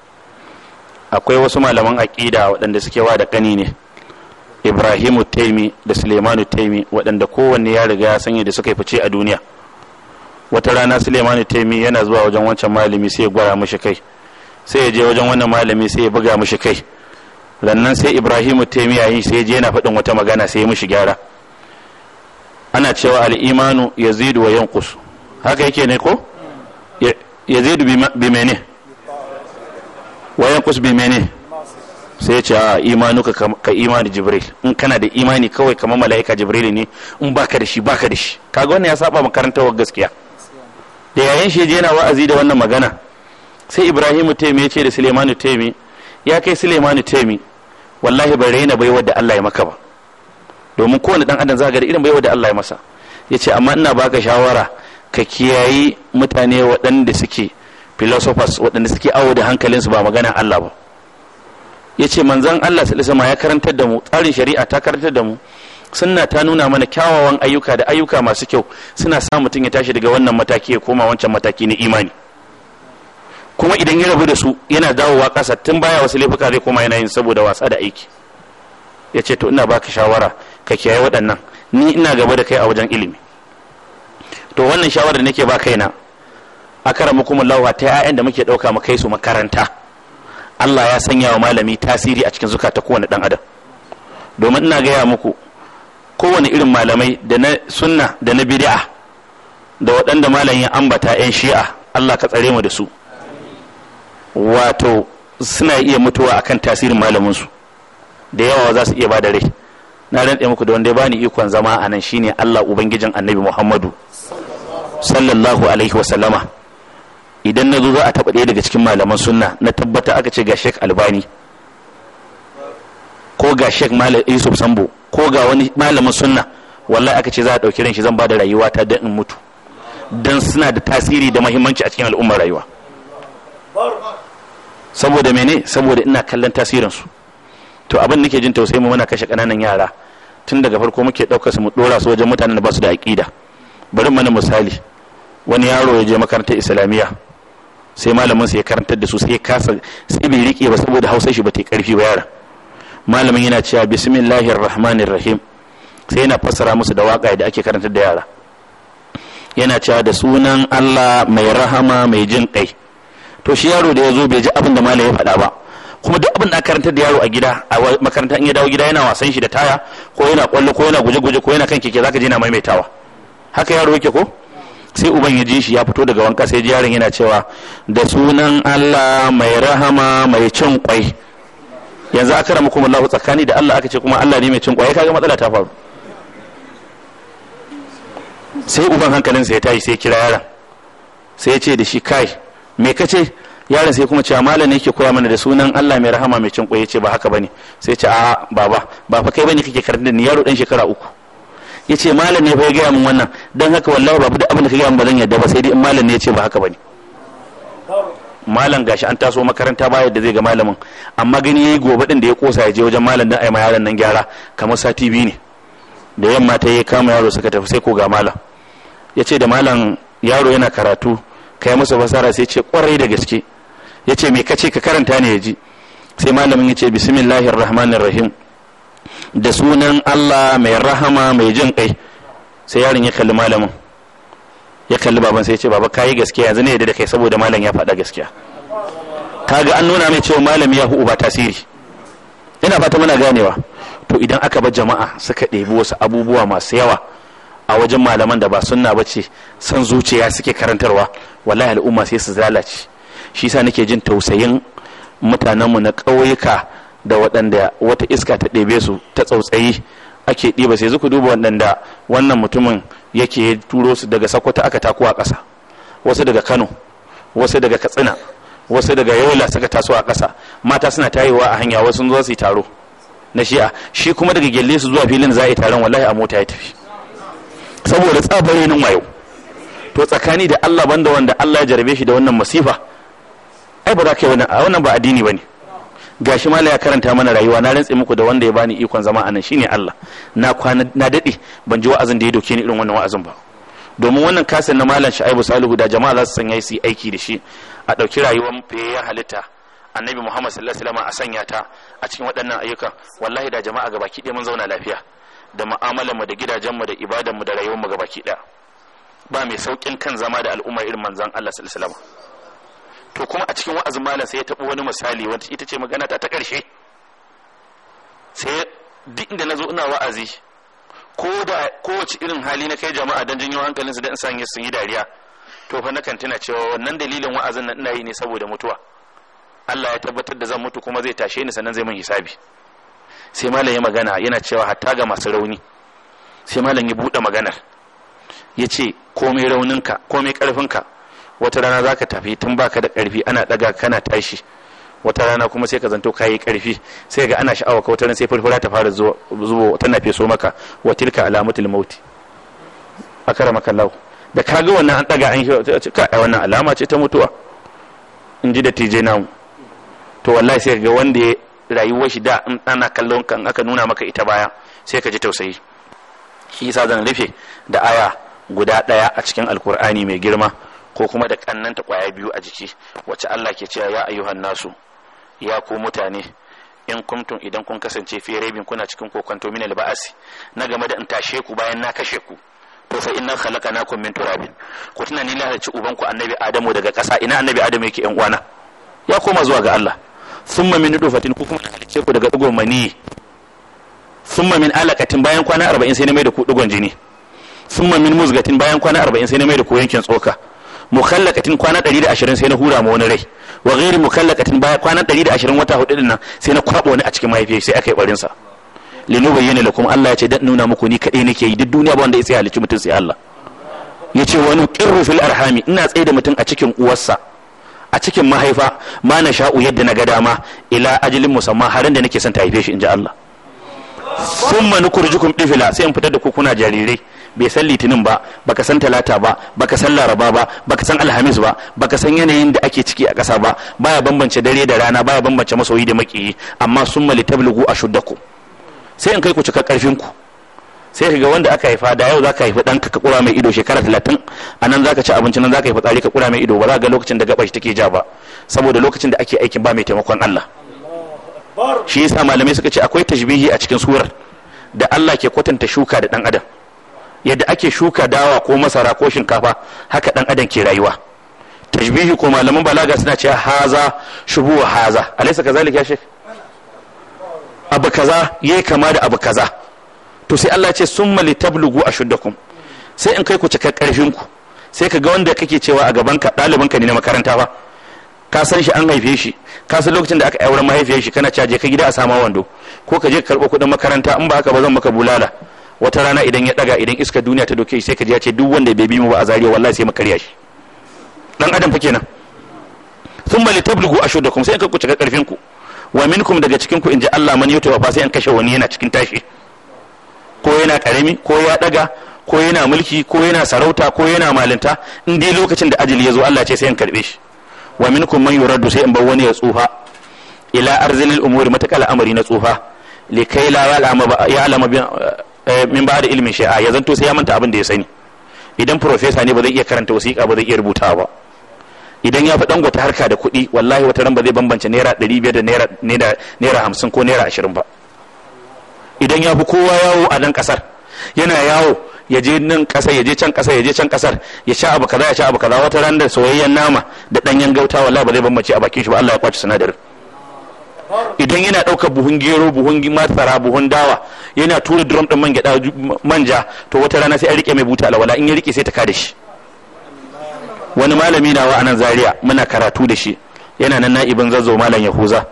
Speaker 3: akwai wasu malaman aƙida waɗanda suke wa da ƙani ne ibrahimu taimi da suleimanu taimi waɗanda kowanne ya riga ya sanya da suka fice a duniya wata rana suleiman taimi yana zuwa wajen wancan malami sai ya gwara mishi kai sai ya je wajen wannan malami sai ya buga mishi kai lannan sai ibrahim taimi yayin sai ya je yana faɗin wata magana sai ya mishi gyara ana cewa al'imanu yazidu wa yanqus haka yake ne ko yazidu bi mene wa yanqus bi mene sai ya ce a imanuka ka imani jibril in kana da imani kawai kamar mala'ika jibril ne in baka da shi baka da shi kaga wannan ya saba makarantar gaskiya da yayin shi yana wa'azi da wannan magana sai ibrahim taimi ya ce da suleimanu taimi ya kai suleimanu taimi wallahi bai raina baiwar da allah ya maka ba domin kowane dan adam za ga da irin baiwar da allah ya masa ya ce amma ina baka shawara ka kiyayi mutane waɗanda suke philosophers waɗanda suke awo da hankalinsu ba magana allah ba ya ce manzan allah sallallahu ya karantar da mu tsarin shari'a ta karantar da mu sunna ta nuna mana kyawawan ayyuka da ayyuka masu kyau suna sa mutum ya tashi daga wannan mataki ya koma wancan mataki na imani kuma idan ya rabu da su yana dawowa kasa tun baya wasu laifuka zai koma yana yin saboda wasa da aiki ya ce to ina baka shawara ka kiyaye waɗannan ni ina gaba da kai a wajen ilimi to wannan shawara da nake ba kaina a kara kuma lauwa ta 'ya'yan da muke ɗauka mu kai su makaranta Allah ya sanya wa malami tasiri a cikin zukata kowane ɗan adam domin ina gaya muku kowane irin malamai da na sunna da na bid'a da waɗanda malamin ambata 'yan shi'a Allah ka tsare mu da su wato suna iya mutuwa akan tasirin malaminsu da yawa za su iya ba da rai na rantse muku da wanda ya bani ikon zama a nan shine Allah ubangijin annabi Muhammadu sallallahu alaihi wa sallama idan na zo za a taɓa ɗaya daga cikin malaman sunna na tabbata aka ce ga Sheikh Albani ko ga sheik malam yusuf sambo ko ga wani malamin sunna wallahi aka ce za a ɗauki ran zan ba da rayuwata don in mutu don suna da tasiri da mahimmanci a cikin al'ummar rayuwa saboda mene saboda ina kallon tasirinsu to abin nake jin tausayi mu muna kashe ƙananan yara tun daga farko muke ɗaukar su mu ɗora su wajen mutanen da ba su da aƙida bari mana misali wani yaro ya je makarantar islamiyya sai malamin sa ya karantar da su sai kasa sai bai rike ba saboda hausa shi ba ta karfi ba yaran malamin yana cewa bismillahir rahmanir rahim sai yana fassara musu da waka da ake karanta da yara yana cewa da sunan Allah mai rahama mai jin kai to shi yaro da ya bai ji abin da malamin ya faɗa ba kuma duk abin da aka karanta da yaro a gida a makaranta in ya dawo gida yana wasan shi da taya ko yana kwallo ko yana guje-guje ko yana kan keke zaka ji na maimaitawa haka yaro yake ko sai uban ya ji shi ya fito daga wanka sai yaron yana cewa da sunan Allah mai rahama mai cin kwai yanzu aka rama kuma Allah tsakani da Allah aka ce kuma Allah ne mai cin kwaye kaga matsala ta faru sai uban hankalin sai ya tashi sai kira yaron sai ya ce da shi kai me kace yaron sai kuma ce ah, malam ne yake koya mana da sunan Allah mai rahama mai cin kwaye ce ba haka bane sai ce a baba ba fa kai bane kake karanta ni yaro dan shekara uku yace malam ne fa ya gaya min wannan dan haka wallahi babu da abin da ka gaya min ba zan yarda ba sai dai malam ne ya ce ba haka bane malam gashi an taso makaranta ba da zai ga malamin amma gani yayi gobe din da ya kosa ya je wajen malam dan ai ma yaron nan gyara kamar sati biyu ne da yamma ta yi kama yaro suka tafi sai ko ga malam ya ce da malam yaro yana karatu kai masa fasara sai ce kwarai da gaske ya ce me kace ka karanta ne ya ji sai malamin ya ce bismillahir rahmanir rahim da sunan Allah mai rahama mai jin kai sai yaron ya kalli malamin ya kalli baban sai ya ce baba kayi gaskiya yanzu ne da kai saboda malam ya faɗa gaskiya kaga an nuna mai cewa malam ya huu ba tasiri ina fata muna ganewa to idan aka bar jama'a suka ɗebi wasu abubuwa masu yawa a wajen malaman da ba sunna ba ce san zuciya suke karantarwa wallahi al'umma sai su lalace shi yasa nake jin tausayin mutanenmu na ƙauyuka da waɗanda wata iska ta ɗebe su ta tsautsayi ake ɗiba sai zuku duba waɗanda wannan mutumin yake turo su daga sakwata aka taku a ƙasa wasu daga kano wasu daga katsina wasu daga yola suka taso a ƙasa mata suna tayewa a hanya wasu zo su taro na shi'a shi kuma daga gyalle su zuwa filin za a yi taron wallahi a mota ya tafi saboda tsabarinin wayo to tsakani da allah banda wanda allah ya jarabe shi da wannan masifa ai ba za ka yi wannan ba addini ba ne gashi mala ya karanta mana rayuwa na rantse muku da wanda ya bani ikon zama anan shine Allah na kwana na dade ban ji wa'azin da ya doke ni irin wannan wa'azin ba domin wannan kasan na malam Shu'aibu Salihu da jama'a za su sanya su aiki da shi a dauki rayuwar ya halitta annabi Muhammad sallallahu alaihi wasallam a sanya ta a cikin waɗannan ayyuka wallahi da jama'a baki ɗaya mun zauna lafiya da mu'amalar mu da gidajen mu da ibadan mu da rayuwar mu baki ɗaya ba mai saukin kan zama da al'umma irin manzon Allah sallallahu alaihi wasallam to kuma a cikin wa'azin malam sai ya taɓo wani misali wanda ita ce magana ta ta ƙarshe sai duk inda na zo ina wa'azi ko da kowace irin hali na kai jama'a don janyo hankalin su da in sun yi dariya to fa nakan tana cewa wannan dalilin wa'azin nan ina yi ne saboda mutuwa Allah ya tabbatar da zan mutu kuma zai tashe ni sannan zai min hisabi sai malam ya magana yana cewa hatta ga masu rauni sai malam ya buɗe maganar ya ce komai rauninka komai ƙarfinka wata rana za ka tafi tun baka da ƙarfi ana ɗaga kana tashi wata rana kuma sai ka zanto yi karfi sai ga ana sha'awa ka wata ran sai furfura ta fara zuwa tana feso maka wa tilka alamatul mauti akara maka lau da ga wannan an daga an ka wannan alama ce ta mutuwa in ji da tije namu to wallahi sai ga wanda ya rayuwar shi da ana kallon kan aka nuna maka ita baya sai ka ji tausayi shi yasa zan rufe da aya guda daya a cikin alkur'ani mai girma ko kuma da kannanta kwaya biyu a jiki wacce Allah ke cewa ya ayyuhan nasu ya ku mutane in kuntum idan kun kasance fi rabin kuna cikin kokonto min ba'asi na game da in tashe ku bayan na kashe ku to fa inna khalaqnakum min turabin ku tuna ni lahaci uban ku annabi adamu daga ƙasa ina annabi adamu yake yan uwana ya koma zuwa ga Allah thumma min nutfatin ku kuma halicce ku daga digon mani thumma min alaqatin bayan kwana 40 sai na mai da ku dugon jini thumma min muzgatin bayan kwana 40 sai na mai da ku yankin tsoka mukallakatin kwana 120 sai na hura ma wani rai wa ghairi mukallakatin baya kwana 120 wata hudu din nan sai na kwabo wani a cikin mahaifiyar sai aka yi barin sa linubayyana lakum Allah ya ce dan nuna muku ni kadai nake yi duk duniya ba wanda ya tsaya halicci mutum sai Allah ya ce wani qirru fil arhami ina tsaye da mutum a cikin uwarsa a cikin mahaifa ma na sha'u yadda na ga dama ila ajalin musamman harin da nake son ta haife shi in ji Allah summa nukurjukum difila sai in fitar da ku kuna jarirai bai san litinin ba baka san talata ba baka san laraba ba baka san alhamis ba baka san yanayin da ake ciki a ƙasa ba baya bambance dare da rana baya bambance masoyi da makiyi amma sun mali tablugu a shuddaku sai in kai ku cika karfin ku sai ka ga wanda aka haifa da yau zaka haifa ɗanka ka kura mai ido shekara talatin a nan zaka ci abinci nan zaka haifa tsari ka kura mai ido ba za ga lokacin da gabashi take ja ba saboda lokacin da ake aikin ba mai taimakon Allah shi yasa malamai suka ce akwai tashbihi a cikin surar da Allah ke kwatanta shuka da dan adam yadda ake shuka dawa ko masara ko shinkafa haka dan adam ke rayuwa tashbihi ko malaman balaga suna cewa haza shubu wa haza alaysa kazalik ya shek abu kaza yayi kama da abu kaza to sai Allah ya ce summa litablugu ashuddakum sai in kai ku cika karfin ku sai ka ga wanda kake cewa a gaban ka ɗaliban ka ne na makaranta ba ka san shi an haife shi ka san lokacin da aka aure mahaifiyar shi kana caje ka gida a sama wando ko ka je ka karɓo kuɗin makaranta in ba haka ba zan maka bulala wata rana idan ya daga idan iska duniya ta doke shi sai ka ji ya ce duk wanda bai bi mu ba a zariya wallahi sai mu shi dan adam fa kenan thumma litablugu ashuddakum sai ka kuce ga karfin ku wa minkum daga cikin ku inji Allah man yuta fa sai an kashe wani yana cikin tashi ko yana karami ko ya daga ko yana mulki ko yana sarauta ko yana malinta in dai lokacin da ajali ya zo Allah ce sai an karbe shi wa minkum man yuraddu sai in bar wani ya tsufa ila arzilil umuri matakal amari na tsufa likai la bi Eh, min ba da ilmin shay'a ya zanto sai ya manta abin da ya sani idan profesa ne ba zai iya karanta wasiƙa ba zai iya rubutawa ba idan ya fi dan harka da kuɗi wallahi wata ran ba zai bambance naira ɗari biyar da naira hamsin ko naira ashirin ba idan ya fi kowa yawo a nan ƙasar yana yawo ya je nan ƙasar ya je can ƙasar ya je can ƙasar ya sha abu kaza ya sha abu kaza wata ran da soyayyen nama da ɗanyen gauta wallahi ba zai bambance a bakin shi ba Allah ya kwace sinadarin idan yana ɗaukar buhun gero buhun masara buhun dawa yana tura drum ɗin man gyaɗa manja to wata rana sai an rike mai buta alwala in ya rike sai ta kada shi wani malami nawa a nan zaria muna karatu da shi yana nan na'ibin zazzau malam yahuza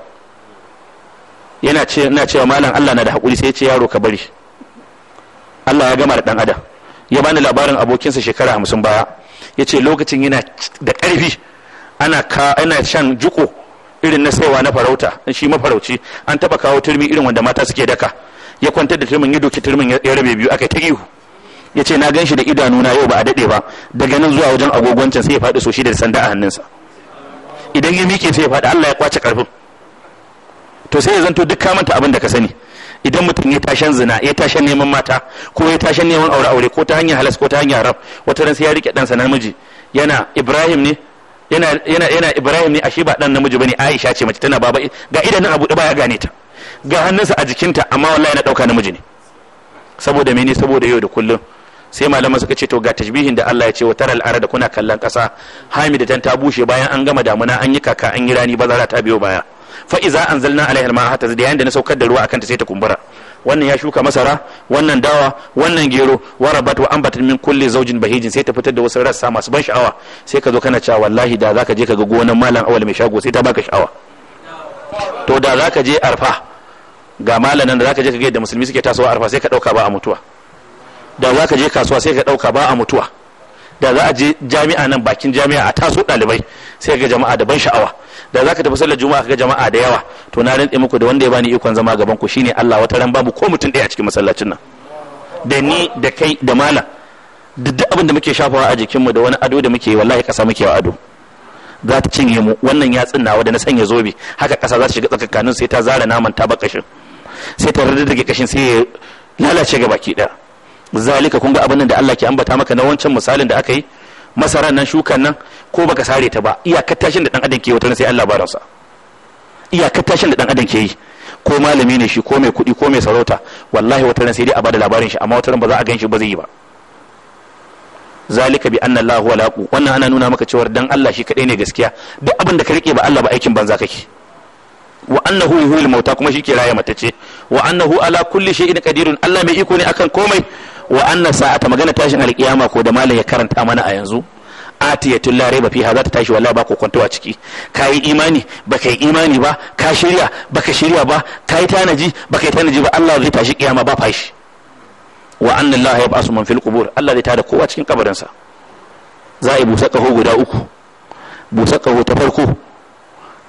Speaker 3: yana ce na cewa malam Allah na da hakuri sai ya ce yaro ka bari Allah ya gama da dan adam ya bani labarin abokinsa shekara hamsin baya ya ce lokacin yana da ƙarfi ana shan juko irin na saiwa na farauta shi mafarauci an taba kawo turmi irin wanda mata suke daka ya kwantar da turmin ya doki turmin ya rabe biyu aka ta ihu ya ce na gan shi da idanuna yau ba a daɗe ba daga nan zuwa wajen agogoncin sai ya faɗi shi da sanda a hannunsa idan ya miƙe sai ya faɗi allah ya kwace ƙarfin to sai ya zanto duk kamanta abin da ka sani idan mutum ya tashen zina ya tashen neman mata ko ya tashen neman aure aure ko ta hanyar halas ko ta hanyar haram wata ran sai ya rike ɗansa namiji yana ibrahim ne yana yana Ibrahim ne ashe ba dan namiji bane Aisha ce mace tana baba ga idanun Abu Daba ya gane ta ga hannunsa a jikinta amma wallahi na dauka namiji ne saboda mene saboda yau da kullum sai malaman suka ce to ga tajbihin da Allah ya ce wa taral arada kuna kallon kasa tan ta bushe bayan an gama damuna an yi kaka an yi rani bazara ta biyo baya fa iza anzalna alaiha alma'a hatta da yayin da na saukar da ruwa akan ta sai ta kumbura wannan ya shuka masara wannan dawa wannan gero warabat wa batun min kulli zaujin bahijin sai ta fitar da wasu rassa masu ban sha'awa sai ka zo kana cewa wallahi da zaka je ka ga gonan malam awal mai shago sai ta baka sha'awa to da zaka je arfa ga malamin da zaka je ka ga yadda musulmi suke tasowa arfa sai ka dauka ba a mutuwa da zaka je kasuwa sai ka dauka ba a mutuwa da za a je jami'a nan bakin jami'a a taso ɗalibai sai ga jama'a da ban sha'awa da za ka tafi sallar juma'a ga jama'a da yawa to na rantse muku da wanda ya bani ikon zama gaban ku shine Allah wata ran babu ko mutum ɗaya a cikin masallacin nan da ni da kai da malam da duk abin da muke shafawa a jikinmu da wani ado da muke wallahi ƙasa muke wa ado za ta cinye mu wannan ya tsinnawa da na sanya zobe haka ƙasa za ta shiga tsakakanin sai ta zara naman ta bakashin sai ta rarrage kashin sai ya lalace ga baki ɗaya zalika kun ga abin da Allah ke ambata maka na wancan misalin da aka yi masaran nan shukan nan ko baka sare ta ba iyakar tashin da dan adam ke wata sai Allah ba ransa iyakar tashin da dan adam ke yi ko malami ne shi ko mai kuɗi ko mai sarauta wallahi wata ran sai dai a bada labarin shi amma wata ran ba za a ganshi ba zai yi ba zalika bi anna Allah huwa laqu wannan ana nuna maka cewa dan Allah shi kadai ne gaskiya duk abin da ka rike ba Allah ba aikin banza kake wa annahu yuhyil mauta kuma shi ke raya ce wa annahu ala kulli shay'in qadirun Allah mai iko ne akan komai wa sa'a sa'ata magana tashin alkiyama ko da malam ya karanta mana a yanzu atiyatul la ba fiha za ta tashi wallahi ba a ciki kai imani ba yi imani ba ka shirya ba ka shirya ba kai tanaji baka yi tanaji ba Allah zai tashi kiyama ba fashi wa anna Allah yab'asu man fil qubur Allah zai tada kowa cikin kabarin sa za a busa kaho guda uku busa kaho ta farko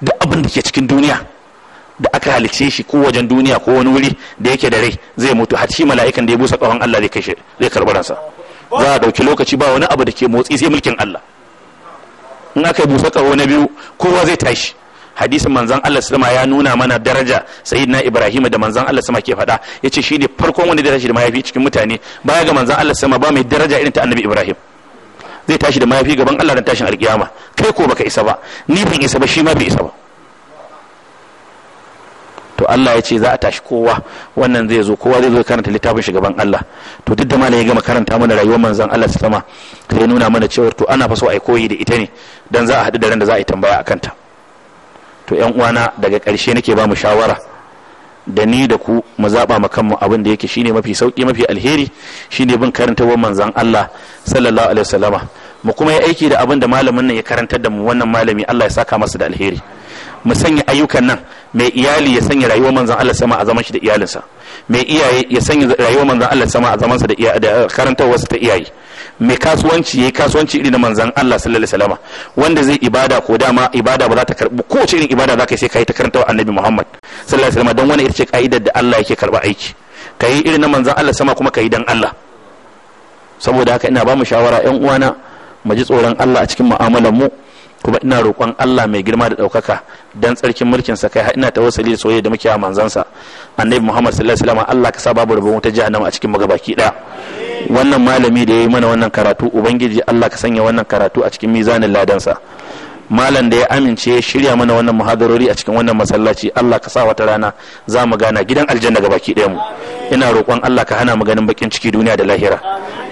Speaker 3: da abin da ke cikin duniya da aka halicce shi ko wajen duniya ko wani wuri da yake da rai zai mutu har shi mala'ikan da ya busa kafan Allah zai kashe zai karbi ransa za a dauki lokaci ba wani abu da ke motsi sai mulkin Allah in aka busa kaho na biyu kowa zai tashi hadisin manzon Allah ya nuna mana daraja sayyidina Ibrahim da manzon Allah sallama ke faɗa yace shine farkon wanda da tashi da mayafi cikin mutane baya ga manzon Allah sallama ba mai daraja irin ta Annabi Ibrahim zai tashi da mayafi gaban Allah dan tashin alkiyama kai ko baka isa ba ni ban isa ba shi ma bai isa ba to Allah ya ce za a tashi kowa wannan zai zo kowa zai zo karanta littafin shugaban Allah to duk da malam ya gama karanta mana rayuwar manzon Allah sallama sai nuna mana cewa to ana faso a ai koyi da ita ne dan za a haɗu da ran da za a yi tambaya akan ta to yan uwana daga ƙarshe nake ba mu shawara da ni da ku mu zaɓa ma kanmu abin da yake shine mafi sauki mafi alheri shine bin karantawar manzon Allah sallallahu alaihi wasallama mu kuma yi aiki da abin da malamin nan ya karantar da mu wannan malami Allah ya saka masa da alheri mu sanya ayyukan nan mai iyali ya sanya rayuwar manzon Allah sama a zaman shi da iyalinsa mai iyaye ya sanya rayuwar manzon Allah sama a zaman sa da karantarwarsa ta iyaye mai kasuwanci yayi kasuwanci irin na manzon Allah sallallahu alaihi wasallam wanda zai ibada ko dama ibada ba za ta karbu kowace irin ibada za ka sai kai ta karantarwa annabi Muhammad sallallahu alaihi wasallam don wannan ita ce kaidar da Allah yake karba aiki kai irin na manzon Allah sama kuma kai dan Allah saboda haka ina ba mu shawara yan uwana mu ji tsoron Allah a cikin mu'amalar mu kuma ina roƙon Allah mai girma da ɗaukaka dan tsarkin mulkin sa kai ina tawassuli da soyayya da muke wa manzansa annabi Muhammad sallallahu alaihi wasallam Allah ka sa babu rabon wuta jahannama a cikin magabaki daya wannan malami da yayi mana wannan karatu ubangiji Allah ka sanya wannan karatu a cikin mizanin ladansa malam da ya amince ya shirya mana wannan muhadarori a cikin wannan masallaci Allah ka sa wata rana za mu gana gidan aljanna ga baki ɗaya mu ina roƙon Allah ka hana mu ganin bakin ciki duniya da lahira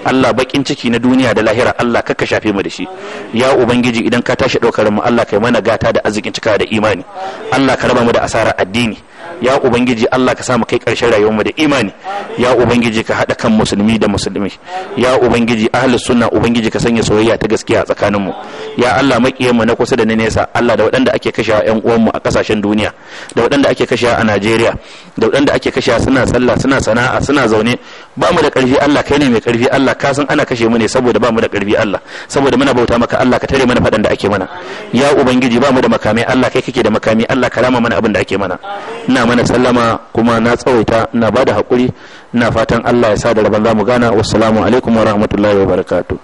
Speaker 3: Allah bakin ciki na duniya da lahira Allah ka shafe mu da shi ya ubangiji idan ka tashi ɗaukar mu Allah kai mana gata da arzikin cika da imani Allah ka raba mu da asara addini ya ubangiji Allah ka samu kai ƙarshen mu da imani ya ubangiji ka haɗa kan musulmi da musulmi ya ubangiji ahli sunna ubangiji ka sanya soyayya ta gaskiya tsakanin mu ya Allah makiyanmu na kusa da na nesa Allah da waɗanda ake kashewa ƴan uwanmu a ƙasashen duniya da waɗanda ake kashewa a Najeriya da waɗanda ake kashewa suna sallah suna sana'a suna zaune ba mu da karfi Allah kai ne mai karfi Allah ka san ana kashe mu ne saboda ba mu da karfi Allah saboda muna bauta maka Allah ka tare mana fadan da ake mana ya ubangiji ba mu da makami Allah kai kake da makami Allah ka rama mana abin da ake mana ina mana sallama kuma na tsawaita ina bada hakuri ina fatan Allah ya sa da rabon zamu gana wassalamu alaikum wa rahmatullahi wa barakatuh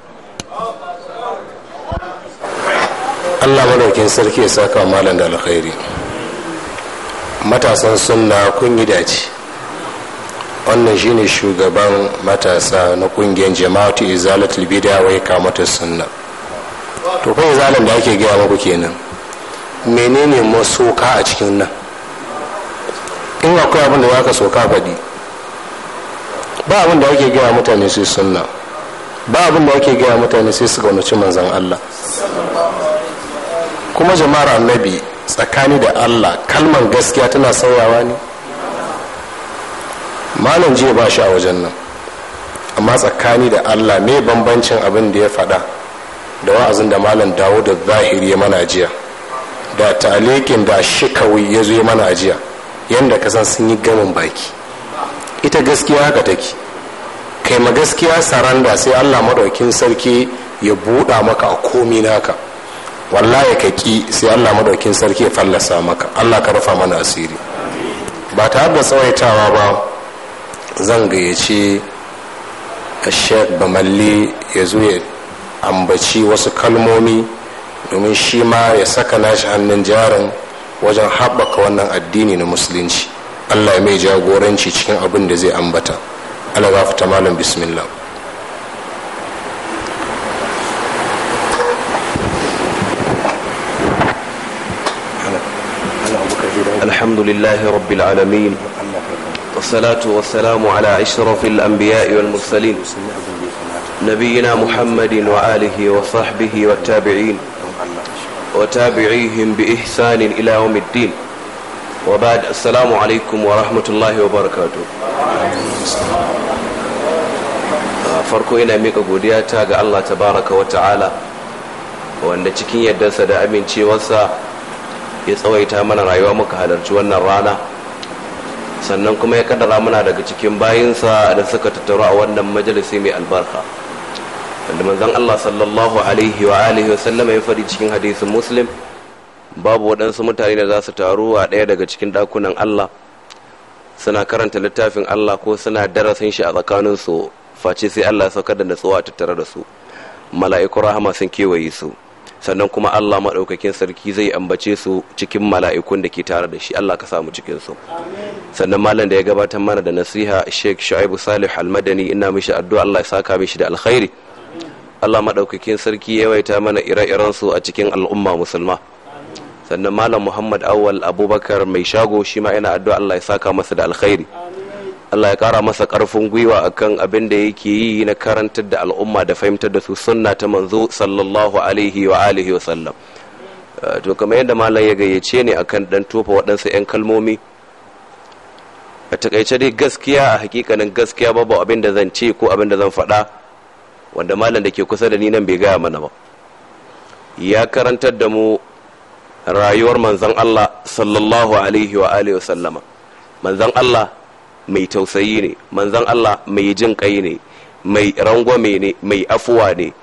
Speaker 2: Allah madaukin sarki ya saka malam da alkhairi matasan sunna kun yi dace wannan shine shugaban matasa na kungiyar jama'atu izalatul ya wai kamata sunna to kai zalan da ake gaya muku kenan menene masoka a cikin nan in akwai abin da zaka soka faɗi ba abin da ake gaya mutane sai sunna ba abin da ake gaya mutane sai su gaunaci manzan Allah kuma jama'ar annabi tsakani da Allah kalman gaskiya tana sauyawa ne malam jiya ba shi a wajen nan amma tsakani da allah me bambancin abin da ya faɗa da wa'azin da malam dawo da zahiri ya mana jiya da talikin da shikawi ya zo mana jiya yadda ka san sun yi gamin baki ita gaskiya haka take kai ma gaskiya saranda sai allah madaukin sarki ya buɗa maka a komi naka wallahi ka ki sai allah madaukin sarki ya fallasa maka allah ka rufa mana asiri ba tare da tsawaitawa ba zan gayyaci sheikh bamalli ya zo ya ambaci wasu kalmomi domin shi ma ya saka nashi hannun jarin wajen haɓaka wannan addini na musulunci allah mai jagoranci cikin abin da zai ambata allah za fita malam bismillah
Speaker 4: الحمد لله رب العالمين والصلاة والسلام على أشرف الأنبياء والمرسلين نبينا محمد وآله وصحبه والتابعين وتابعيهم بإحسان إلى يوم الدين وبعد السلام عليكم ورحمة الله وبركاته farko yana miƙa godiya ta ga Allah tabaraka wa ta'ala wanda cikin yardarsa da amincewarsa ya tsawaita mana rayuwa muka halarci wannan rana sannan kuma ya kaddara muna daga cikin bayinsa da suka tattaru a wannan majalisi mai albarka wanda manzon Allah sallallahu alaihi wa alihi wa sallama ya fadi cikin hadisin muslim babu waɗansu mutane da za su taru a ɗaya daga cikin ɗakunan Allah suna karanta littafin Allah ko suna darasin shi a tsakaninsu face sai Allah ya saukar da natsuwa tattare da su Mala'iku rahama sun kewaye su sannan kuma Allah maɗaukakin sarki zai ambace su cikin mala'ikun da ke tare da shi Allah ka samu cikin su sannan malam da ya gabatar mana da nasiha Sheikh Shu'aibu Salih madani ina mishi addu'a Allah ya saka mishi da alkhairi Allah maɗaukakin sarki ya waita mana ire-iren su a cikin al'umma musulma sannan malam Muhammad Awwal Abubakar mai shago shi ma yana addu'a Allah ya saka masa da alkhairi Allah ya kara masa karfin gwiwa akan abin da yake yi na karantar da al'umma da fahimtar da su sunna ta manzo sallallahu alaihi wa alihi wa sallam uh, to kamar yadda malam ya gayyace ne akan dan tofa waɗansu 'yan kalmomi a takaice dai gaskiya a hakikanin gaskiya babu abin da zan ce ko abin da zan faɗa wanda malam da ke kusa da ni nan bai gaya mana ba ya karantar da mu rayuwar manzon Allah sallallahu alaihi wa alihi wa sallama manzon Allah mai tausayi ne manzan Allah mai jin kai ne mai rangwame ne mai afuwa ne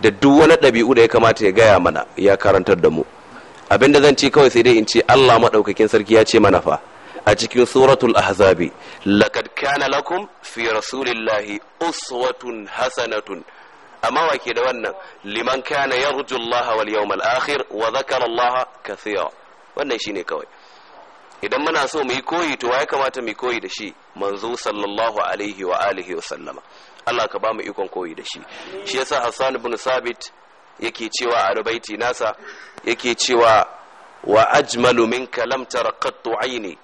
Speaker 4: da duk wani ɗabi'u da ya kamata ya gaya mana ya karantar da mu abinda zan ci kawai sai dai in ce Allah maɗaukakin sarki ya ce mana fa a cikin suratul ahzabi laqad kana lakum fi rasulillahi uswatun hasanatun amma wa da wannan liman kana yarjullaha wal yawmal akhir wa dhakara kathira wannan shine kawai idan muna so mu yi koyi to ya kamata mu yi koyi da shi manzo sallallahu alaihi wa alihi wa sallama Allah ka ba mu ikon koyi da shi shi yasa Hassan ibn Sabit yake cewa a rubaiti nasa yake cewa wa ajmalu minka lam aini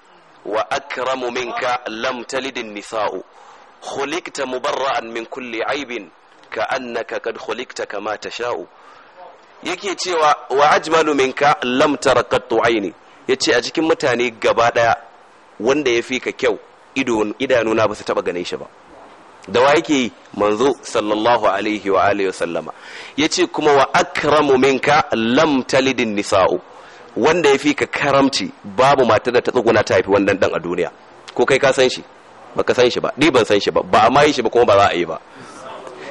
Speaker 4: wa akramu minka lam talid nisa'u khuliqta mubarra'an min kulli aibin ka annaka kad khuliqta kama tasha'u yake cewa wa ajmalu minka lam aini ya ce a cikin mutane gaba ɗaya wanda ya fi ka kyau idanuna ba su taɓa gane shi ba da wa yake yi manzo sallallahu alaihi wa alihi wasallama ya ce kuma wa akramu minka lam talidin nisa'u wanda ya fi ka karamci babu matar da ta tsuguna ta haifi wannan dan a duniya ko kai ka san shi baka san shi ba ni ban san shi ba ba a ma shi ba kuma ba za a yi ba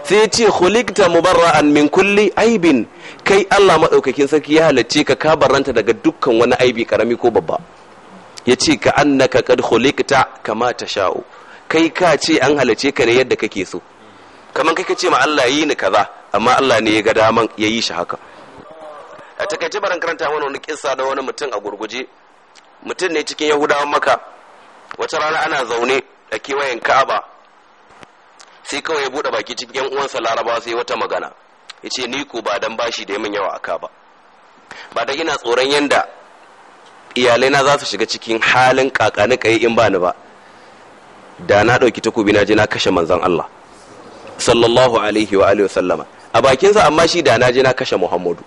Speaker 4: sai ya ce mu mubarra'an min kulli aibin kai Allah madaukakin sarki ya halacce ka ka ranta daga dukkan wani aibi karami ko babba ya ce ka annaka qad khuliqta kama tasha'u kai ka ce an halarci ka ne yadda kake so kamar kai ka ce ma Allah yi ni kaza amma Allah ne ya ga daman ya yi shi haka a takaice baran karanta mana wani kissa da wani mutum a gurguje mutum ne cikin yahudawan maka wata rana ana zaune a kewayen ka'aba sai kawai ya buɗe baki cikin yan uwansa laraba sai wata magana ya ce ni ko ba dan bashi da yamin yawa aka ba ba da ina tsoron yanda iyalai na za su shiga cikin halin kakani kai in bani ba da na ɗauki takobi na je na kashe manzon Allah sallallahu alaihi wa alihi wasallama sallama a bakinsa amma shi da na je na kashe Muhammadu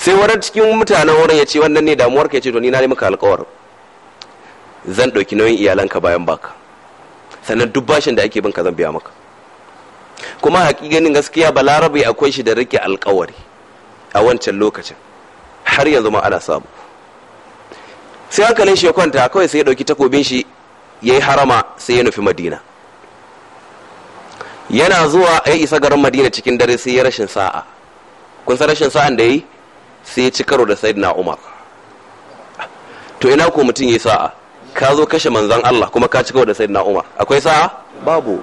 Speaker 4: sai wani cikin mutanen wurin ya ce wannan ne damuwar ka ya ce to ni na yi maka alkawar zan ɗauki nauyin iyalanka bayan baka sannan duk bashin da ake bin ka zan biya maka kuma hakikanin gaskiya balarabe akwai shi da rike alƙawari a wancan lokacin har yanzu ma ana samu sai hankalin shi ya kwanta kawai sai ya ɗauki takobin shi ya yi harama sai ya nufi madina yana zuwa ya isa garin madina cikin dare sai ya rashin sa'a kun san rashin sa'an da ya yi sai ya ci karo da na umar to ina ko mutum ya yi sa'a ka zo kashe manzan Allah kuma ka cika da sayyidina Umar akwai sa'a babu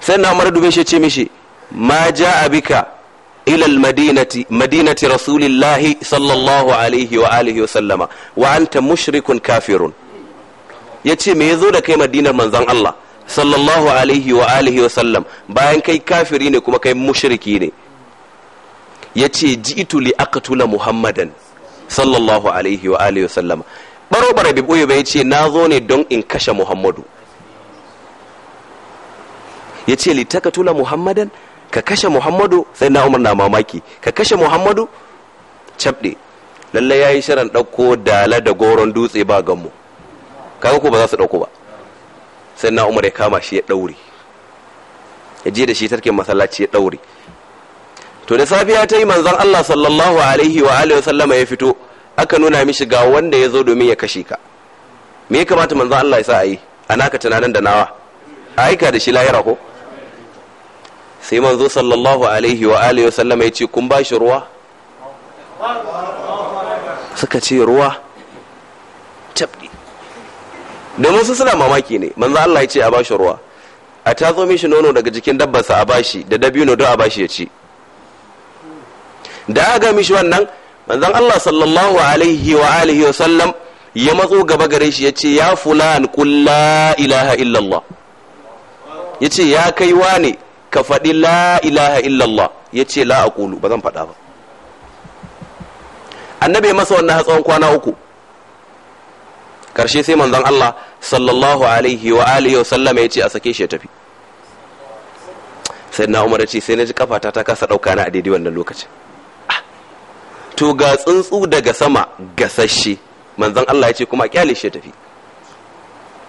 Speaker 4: sayyidina Umar dube shi ce mishi ma ja'a bika ila madinati madinati rasulillahi sallallahu alaihi wa alihi wa sallama wa anta mushrikun kafirun yace me yazo da kai madinar manzan Allah sallallahu alaihi wa alihi wa sallam bayan kai kafiri ne kuma kai mushriki ne yace ji'tu li aqtula muhammadan sallallahu alaihi wa alihi wa sallama baro bara bi boye bai ce na zo ne don in kashe muhammadu ya ce littaka tula muhammadan ka kashe muhammadu sai na umar na mamaki ka kashe muhammadu cabde lalle ya yi shirin ɗauko dala da goron dutse ba ganmu kaga ko ba za su ɗauko ba sai na umar ya kama shi ya daure. ya je da shi tarkin masallaci ya daure. to da safiya ta yi manzon allah sallallahu alaihi wa alihi wa sallama ya fito aka nuna mishi ga wanda ya zo domin ya kashe ka me ya kamata manzo Allah ya sa a yi a naka tunanin da nawa a aika da shi lahira ko sai manzo sallallahu alaihi wa alihi wa sallama ya ce kun ba shi ruwa suka ce ruwa tabdi domin su suna mamaki ne manzo Allah ya ce a ba shi ruwa a ta zo mishi nono daga jikin dabbarsa a bashi da dabino don a bashi ya ci da aka mishi wannan manzon Allah sallallahu alaihi wa alihi wa sallam ya matso gaba gare shi yace ya fulan kul la ilaha illallah yace ya kai wane ka faɗi la ilaha illallah yace la aqulu ba zan faɗa ba annabi masa wannan hatsawan kwana uku karshe sai manzon Allah sallallahu alaihi wa alihi wa sallam ya ce a sake shi ya tafi sai na umar ya ce sai na ji kafata ta kasa ɗauka na a daidai wannan lokacin to ga tsuntsu daga sama gasashe manzan Allah ya ce kuma kyale shi tafi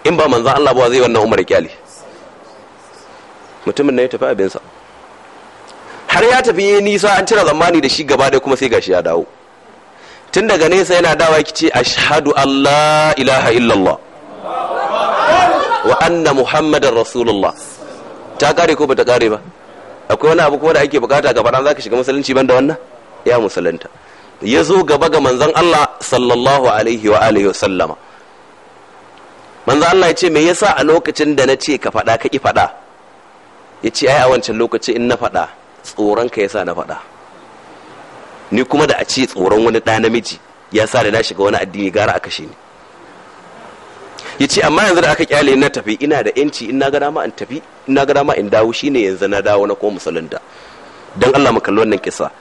Speaker 4: in ba manzan Allah ba zai wannan umar kyale mutumin na ya tafi abinsa har ya tafi yi nisa an cire zamani da shi gaba da kuma sai gashi ya dawo tun daga nesa yana dawa ya ce ashhadu Allah ilaha illallah wa anna muhammadar rasulullah ta kare ko bata kare ba akwai wani abu kuma da ake bukata gaba ran zaka shiga musulunci banda wannan ya musulunta ya zo gaba ga manzon Allah sallallahu alaihi wa alihi wa sallama manzon Allah ya ce me yasa a lokacin da na ce ka faɗa ka ƙi faɗa ya ce ai a wancan lokaci in na faɗa tsoron ka yasa na faɗa ni kuma da a ce tsoron wani ɗa namiji ya sa da na shiga wani addini gara a kashe ni ya ce amma yanzu da aka kyale na tafi ina da yanci in na ga dama in tafi in na ga dama in dawo shine yanzu na dawo na ko musulunta dan Allah mu kalli wannan kisa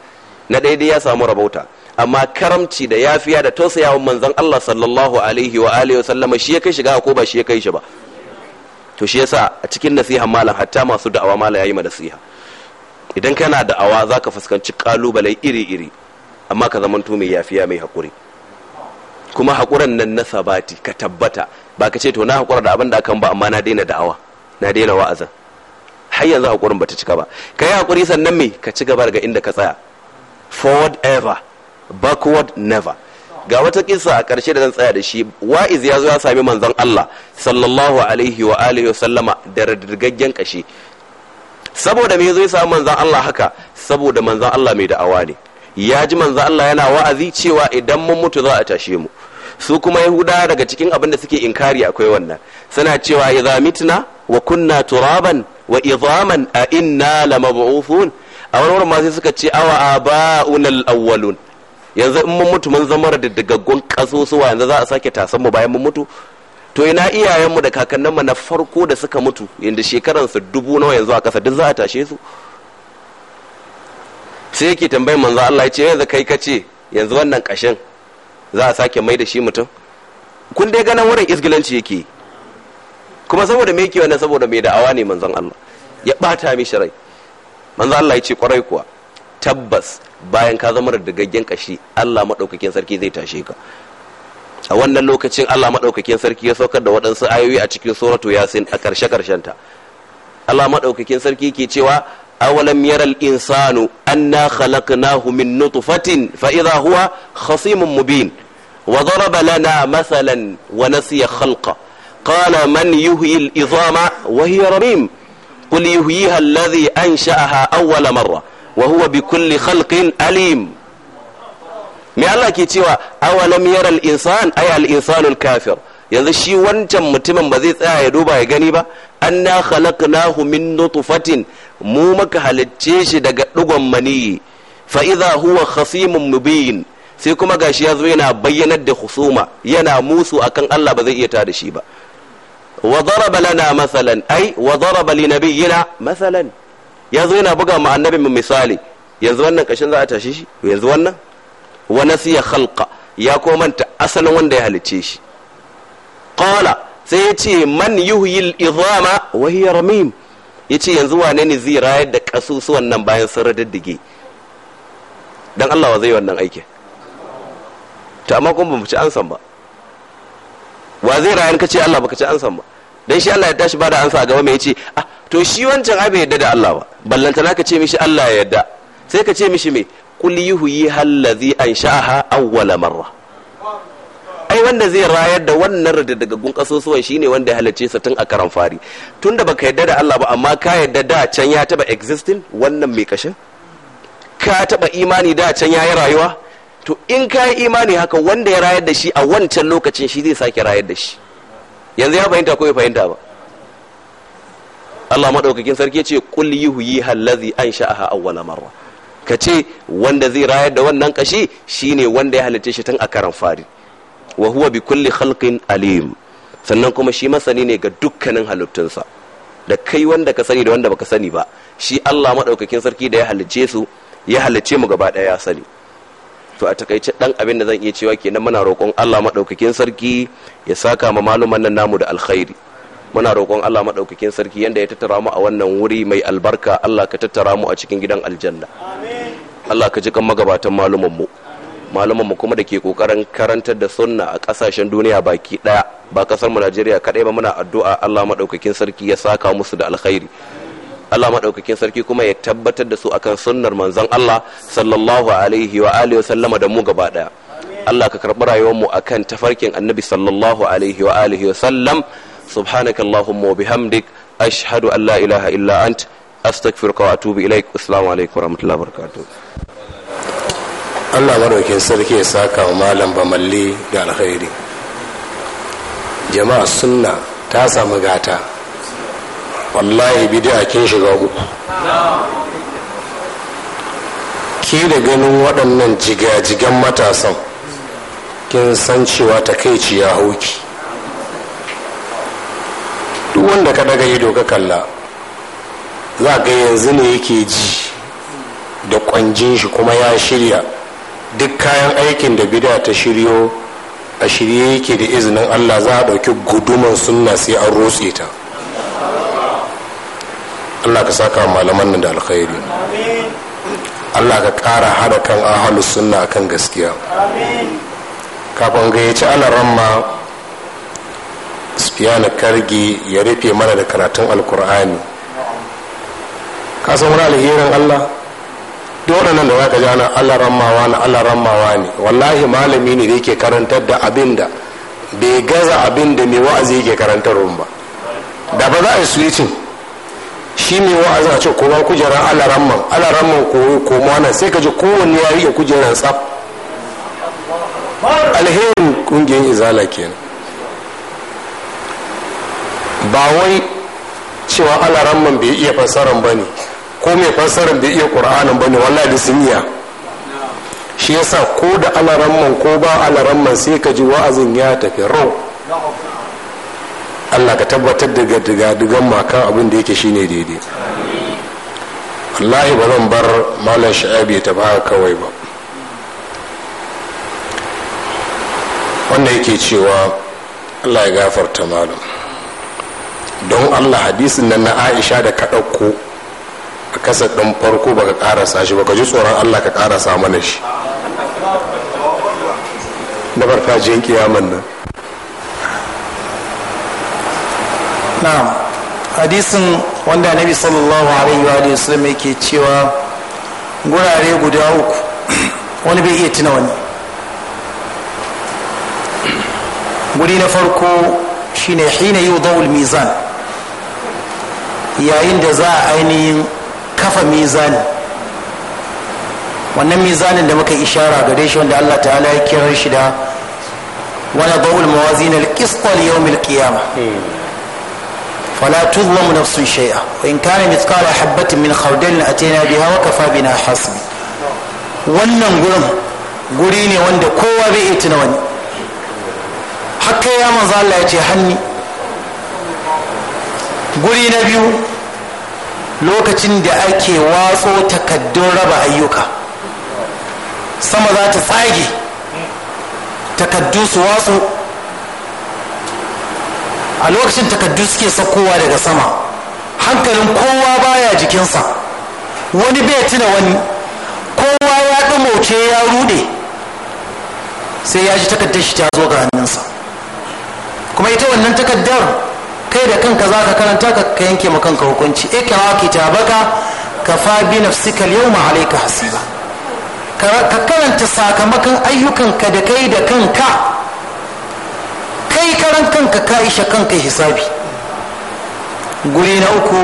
Speaker 4: na daidai ya samu rabauta amma karamci da yafiya da tausayawa manzon Allah sallallahu alaihi wa alihi wa sallama shi ya kai shiga ko ba shi ya kai shi ba to shi yasa a cikin nasiha malam hatta masu da'awa malam yayi ma nasiha idan kana da'awa zaka fuskanci kalubale iri-iri amma ka zama mai yafiya mai hakuri kuma hakuran nan na sabati ka tabbata ba ka ce to na hakura da abin da akan ba amma na daina da'awa na daina wa'azin har yanzu hakurin bata cika ba ka yi hakuri sannan me ka ci gaba daga inda ka tsaya forward ever backward never ga wata kisa a ƙarshe da zan tsaya da shi wa'iz ya zo ya sami manzon Allah sallallahu alaihi wa alihi wa sallama da radirgaggen kashi saboda me zo ya sami manzon Allah haka saboda manzon Allah mai da'awa ne ya ji manzon Allah yana wa'azi cewa idan mun mutu za a tashe mu su kuma yahuda daga cikin abin da suke inkari akwai wannan suna cewa idza mitna wa kunna turaban wa idhaman a inna lamab'uthun a wani ma sai suka ce awa aba'una al-awwalun yanzu in mun mutu mun zama diddigaggun kasusuwa yanzu za a sake tasan mu bayan mun mutu to ina iyayenmu da kakanninmu na farko da suka mutu inda shekaran su dubu nawa yanzu a ƙasa duk za a tashe su sai yake tambayi manzo Allah ya ce yanzu kai ka ce yanzu wannan kashin za a sake mai da shi mutum kun dai ganin wurin isgilanci yake kuma saboda me yake wannan saboda mai da'awa ne manzon Allah ya bata mishi rai manzo Allah ya ce kwarai kuwa tabbas bayan ka zama rigaggen kashi Allah maɗaukakin sarki zai tashe ka a wannan lokacin Allah maɗaukakin sarki ya saukar da waɗansu ayoyi a cikin suratu yasin a ƙarshe ƙarshenta Allah maɗaukakin sarki ke cewa awalam yaral insanu anna khalaqnahu min nutfatin fa idha huwa khasimun mubin wa daraba lana masalan wa nasiya khalqa qala man yuhyi al-idhama wa hiya ramim qul yuhyiha alladhi ansha'aha awwala marra wa huwa bi kulli khalqin alim me Allah ke cewa awalam yaral insan ay al insanul kafir yanzu shi wancan mutumin ba zai tsaya ya duba ya gani ba anna khalaqnahu min nutfatin mu maka halicce shi daga digon maniyi fa idha huwa khasimun mubin sai kuma gashi ya zo yana bayyanar da husuma yana musu akan Allah ba zai iya tada shi ba wa daraba lana masalan ai wa daraba li masalan Yanzu yana buga ma mu misali yanzu wannan kashin za a tashi shi yanzu wannan wa nasiya khalqa ya ko manta asalin wanda ya halicce shi qala sai ya ce man yuhyil idhama wa hiya ramim yace yanzu wane ne zai rayar da kasusuwan nan bayan sun radaddige dan Allah wa zai wannan aikin to amma kuma mu ci ansan ba wa zai rayar kace Allah baka ci ansan ba dan shi Allah ya tashi ba da ansa a gaba mai yace ah to shi wancan ai bai yadda da Allah ba ballanta ka ce mishi Allah ya yadda sai ka ce mishi me kul yuhyi allazi ansha'aha awwala marra ai wanda zai rayar da wannan radadagun shi shine wanda ya halarci sa tun a karan fari tunda baka yadda da Allah ba amma ka yadda da can ya taba existing wannan mai kashin ka taba imani da can yayi rayuwa to in ka yi imani haka wanda ya rayar da shi a wancan lokacin shi zai sake rayar da shi yanzu ya fahimta ko ya fahimta ba Allah maɗaukakin sarki ce qul yuhyi allazi ansha'aha awwala marra kace wanda zai rayar da wannan kashi shine wanda ya halitta shi tun a karan fari wa huwa bi kulli khalqin alim sannan kuma shi masani ne ga dukkanin halittunsa da kai wanda ka sani da wanda baka sani ba shi Allah maɗaukakin sarki da ya halicce su ya halicce mu gaba daya ya sani to a takaice dan abin da zan iya cewa kenan muna roƙon Allah maɗaukakin sarki ya saka ma maluman nan namu da alkhairi muna roƙon Allah maɗaukakin sarki yadda ya tattara mu a wannan wuri mai albarka Allah ka tattara mu a cikin gidan aljanna Allah ka ji kan magabatan malumanmu malumanmu kuma da ke ƙoƙarin karantar da sunna a ƙasashen duniya baki ɗaya ba ƙasar mu Najeriya kaɗai ba muna addu'a Allah maɗaukakin sarki ya saka musu da alkhairi Allah maɗaukakin sarki kuma ya tabbatar da su akan sunnar manzon Allah sallallahu alaihi wa alihi wa sallama da mu gaba ɗaya Allah ka karɓi rayuwarmu akan tafarkin annabi sallallahu alaihi wa alihi wa sallam سبحانك اللهم وبحمدك bihamdik ashhadu لا la ilaha illa ant
Speaker 2: astaghfiruka wa السلام عليكم assalamu alaikum وبركاته Allah madaukin sarki ya saka wa malam bamalli da alkhairi jama'a sunna ta samu gata wallahi bid'a kin shiga uku ke da ganin waɗannan jigajigan matasan kin san cewa takaici ya hauki duk wanda ka daga ido ka kalla za ga yanzu ne yake ji da kwanjin shi kuma ya shirya duk kayan aikin da bida ta shiryo a shirye yake da izinin allah za a ɗauki guduman sunna sai an rotse ta allah ka saka malaman nan da alkhairi allah ka ƙara hada kan ahalus sunna kan gaskiya kafin ga ya ci ramma yana kargi ya rufe mana da karatun alkur'ani kasan wani alherin allah dole nan da za ka ji ana allah rammawa na allah rammawa ne wallahi malami ne da yake karantar da abin da bai gaza abin da mai wa'azi yake karantar rum ba da ba za a yi switin shi mai wa'azi a ce koma kujerar allah alaramman koyo koma nan sai ka ji kowanne ya a kujerar tsaf alherin kungiyar izala kenan ba wai cewa ramman bai iya fassaran ba ne ko mai fassaran bai iya ƙur'anin ba ne wallahi da sun iya shi yasa ko da ramman ko ba ramman sai ka ji wa'azin ya tafi rau allah ka tabbatar da diga-digan makan abin da yake shine daidai wallahi ba zan bar malam sha'abi ta ba kawai ba wannan yake cewa allah ya gafarta malam don allah hadisin nan na aisha da ka ɗauko a kasar ɗan farko ba ka ƙarasa shi ka ji tsoron allah ka ƙarasa mana shi na farfajiyar kiyaman nan
Speaker 1: na hadisin wanda nabi sallallahu alaihi wa sallam yake cewa gurare guda uku wani bai iya tuna wani guri na farko shine hina yi mizan yayin da za a ainihin kafa mizani wannan mizanin da muka ishara gare shi wanda allah ta'ala ya kirar shi da wani ba'ul mawazin al-qistal yawmil qiyamah فلا تظلم نفس شيئا وإن كان مثقال حبة من biya أتينا بها وكفى بنا حسب wannan gurin guri ne wanda kowa bai iya tuna wani haka ya manzo Allah ya ce hanni guri na biyu lokacin da ake watso takaddun raba ayyuka sama za ta tsage takaddu su watso a lokacin takaddu suke saukowa daga sama hankalin kowa baya jikinsa wani bai tuna wani kowa ya ɗumauce ya rude sai ya ji takaddar shi ta zo ga hannunsa kuma ita wannan takaddar kai da kanka za ka karanta ka ka yanke ma kanka hukunci ikra eh, ka fa bi nafsika yau ma alaika hasiba ka karanta sakamakon ayyukanka da kai da kanka kai karan kanka ka isha kanka hisabi guri na uku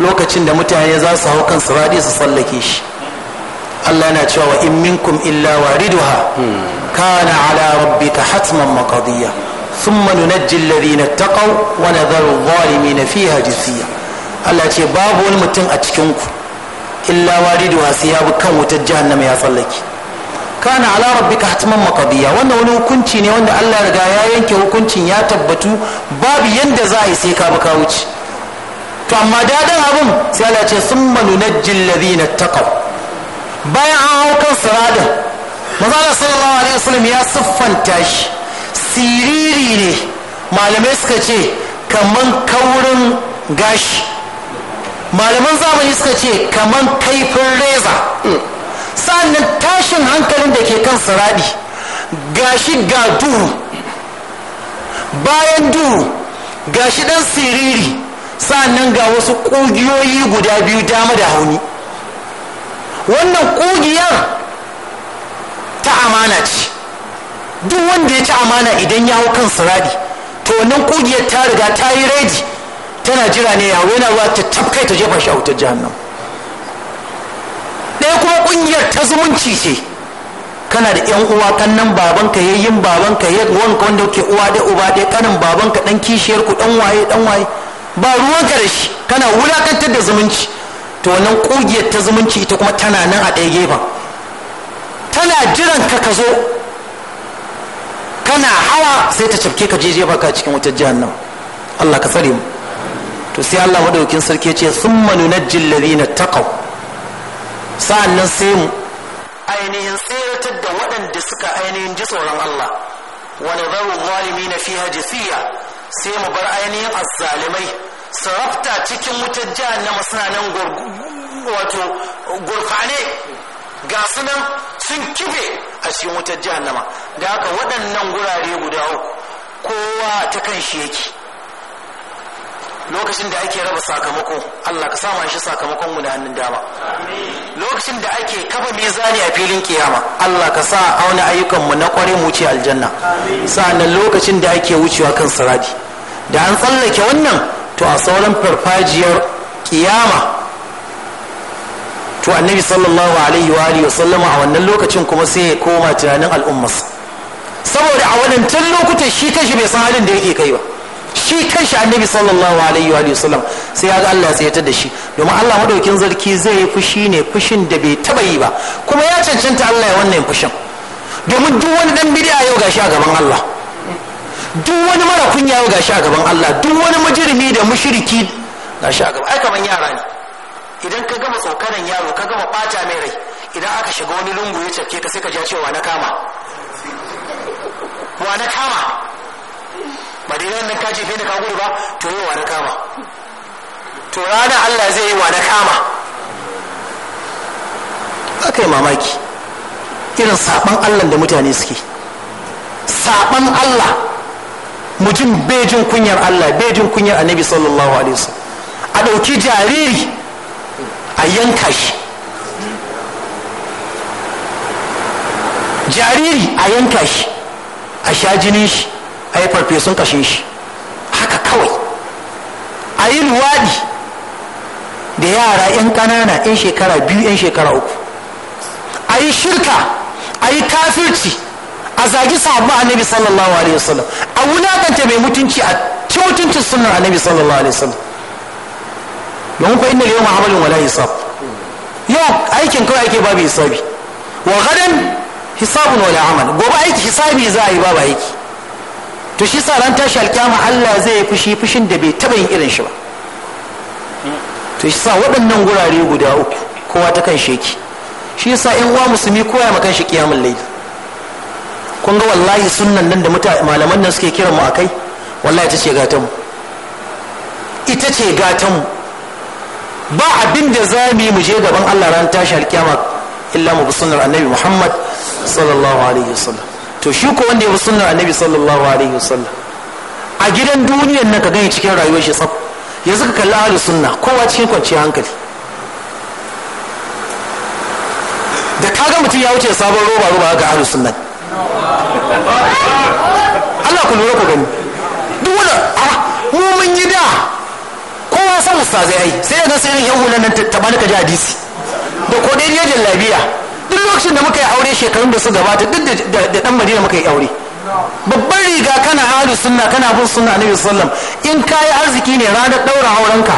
Speaker 1: lokacin da mutane za su hau kan radi su tsallake shi Allah na cewa in minkum illa wariduha hmm. kana ala rabbika hatman maqdiya thumma nunajji alladhina taqaw wa nadharu adh-dhalimina fiha jithiya Allah ce babu wani mutum a cikin ku illa wariduha sai ya bi kan wutar jahannama ya tsallake kana ala rabbika hatman maqdiya wannan wani hukunci ne wanda Allah riga ya yanke hukuncin ya tabbatu babu yanda za a yi sai ka bi ka to amma dadan abin sai Allah ce summa nunajji bayan an hau kan sirada manzo ya siffanta shi siriri ne malamai suka ce kaman kaurin gashi malaman zamani suka ce kaman kaifin reza sannan tashin hankalin da ke kan sarabi gashi ga duhu bayan duhu gashi dan siriri sannan ga wasu ƙugiyoyi guda biyu dama da hauni wannan ƙugiyar ta amana ce duk wanda ya ci amana idan ya hau kan sarari to wannan kugiyar ta riga ta yi reji tana jira ne yawo yana ruwa ta tafkai ta jefa shi a wutar jihannan ɗaya kuma ƙungiyar ta zumunci ce kana da yan uwa kan ka babanka baban babanka ya wanka wanda ke uwa da uba da kanin babanka dan kishiyar ku dan waye dan waye ba ruwanka da shi kana wulakantar da zumunci to wannan kugiyar ta zumunci ita kuma tana nan a ɗaya gefen tana jiran ka ka zo kana hawa sai ta cafke ka jeje baka cikin wutar jahannam Allah ka tsare mu to sai Allah madaukin sarki ce summa nunajjil ladina taqaw sa'annan sai mu ainihin tsiratar da waɗanda suka ainihin ji tsoron Allah wa na fi fiha jasiya sai mu bar ainihin azzalimai sarafta cikin wutar jahannama suna nan wato gurfane ga sunan sun kibe a wutar jahannama da haka waɗannan gurare guda uku kowa ta kan shi yake lokacin da ake raba sakamako Allah ka sama shi sakamakon mu da hannun dama lokacin da ake kafa mizani a filin kiyama Allah ka sa auna ayyukan mu na kware mu ce aljanna sa'annan lokacin da ake wucewa kan saradi da an tsallake wannan to a sauran farfajiyar kiyama to annabi sallallahu alaihi wa alihi sallama a wannan lokacin kuma sai ya koma tunanin al'ummas saboda a wadancan lokutan shi kanshi bai san halin da yake kai ba shi kanshi annabi sallallahu alaihi wa sallam sai ya ga Allah ya tsayatar da shi domin Allah madaukin zarki zai yi fushi ne fushin da bai taba yi ba kuma ya cancanta Allah ya wannan fushin domin duk wani dan bid'a yau gashi a gaban Allah duk wani mara kunya yau gashi a gaban Allah duk wani mujrimi da mushriki gashi a gaban ai kaman yara ne idan ka gama tsokanan yaro ka gama ɓata mai rai idan aka shiga wani lungu ya cafke ka sai ka ja cewa na kama wa na kama ba dai nan ka jefe da ka gudu ba to yi wa na kama to ranar Allah zai yi wa na kama aka yi mamaki irin saɓan Allah da mutane suke Saɓan Allah mutum bejin kunyar Allah bejin kunyar annabi sallallahu alaihi wasallam a ɗauki jariri a yanka shi jariri a yanka shi a sha jinin shi a yi farfesun kashe shi haka kawai a yi luwaɗi da yara 'yan ƙanana 'yan shekara biyu 'yan shekara uku a yi shirka a yi kafirci a zagi sahabba annabi sallallahu alaihi wasallam a wulakanta mai mutunci a ci mutuncin sunnar annabi sallallahu alaihi wasallam domin fa innal yawma amalun wala hisab yau aikin kawai ake babu hisabi wa gadan hisabun wala amal gobe aiki hisabi za a yi babu aiki to shi sa ran tashi alkiyama Allah zai fushi fushin da bai taba yin irin shi ba to shi sa waɗannan gurare guda uku kowa ta kan sheki shi yasa in uwa musulmi koya ma shi kiyamul layl kun ga wallahi sunnan nan da malaman nan suke kiran mu akai wallahi ta ce gatan mu ita ce gatan mu ba abin da za mu yi mu je gaban Allah ran tashi alkiyama illa mu bi sunnar annabi Muhammad sallallahu alaihi wasallam to shi ko wanda ya bi sunnar annabi sallallahu alaihi wasallam a gidan duniyar nan ka gani cikin rayuwar shi tsaf yanzu ka kalli ahlus sunna kowa cikin kwanci hankali da kaga mutum ya wuce sabon roba roba ga ahlus sunna Allah ku lura ku gani duk wanda a ah, mu mun yi da kowa san ustazai ai sai ya ga sai yan hulan nan ta bani ka ji hadisi da yajin jallabiya duk lokacin da muka yi aure shekarun da su gabata duk da dan madina muka yi aure babban riga kana ahlu sunna kana bin sunna annabi sallam in kai arziki ne ranar daura aurenka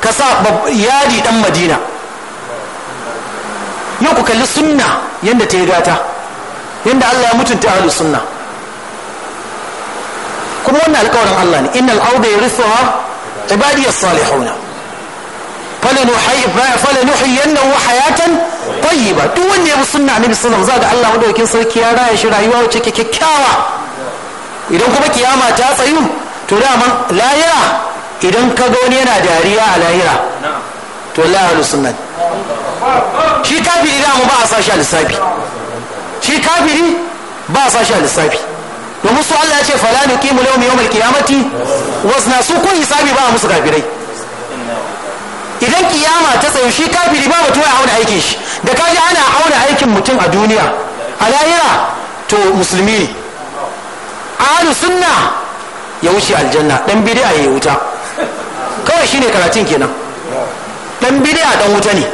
Speaker 1: ka sa yadi dan madina yau ku kalli sunna yadda ta yi gata yadda Allah ya mutunta ahlu sunna kuma wannan alƙawarin Allah ne innal auda yarithuha عبادي الصالحون فلنحيينه حياة طيبة duk wanda ya bi sunna annabi sallallahu alaihi wasallam Allah madaukakin sarki ya raya shi rayuwa wacce ke kyakkyawa idan kuma kiyama ta tsayu to daman lahira idan ka wani yana dariya a lahira to la ahlus shi kafiri da mu ba a lissafi shi ba a lissafi domin su Allah ya ce fala ne kimu lau yawmal kiyamati wasna su ko hisabi ba a musu kafirai idan kiyama ta tsayu shi kafiri ba mutum ya auna aikin shi da kaji ana auna aikin mutum a duniya a lahira to musulmi ne ahlus sunna ya wuce aljanna dan bid'a ya wuta kawai shine karatun kenan dan bid'a dan wuta ne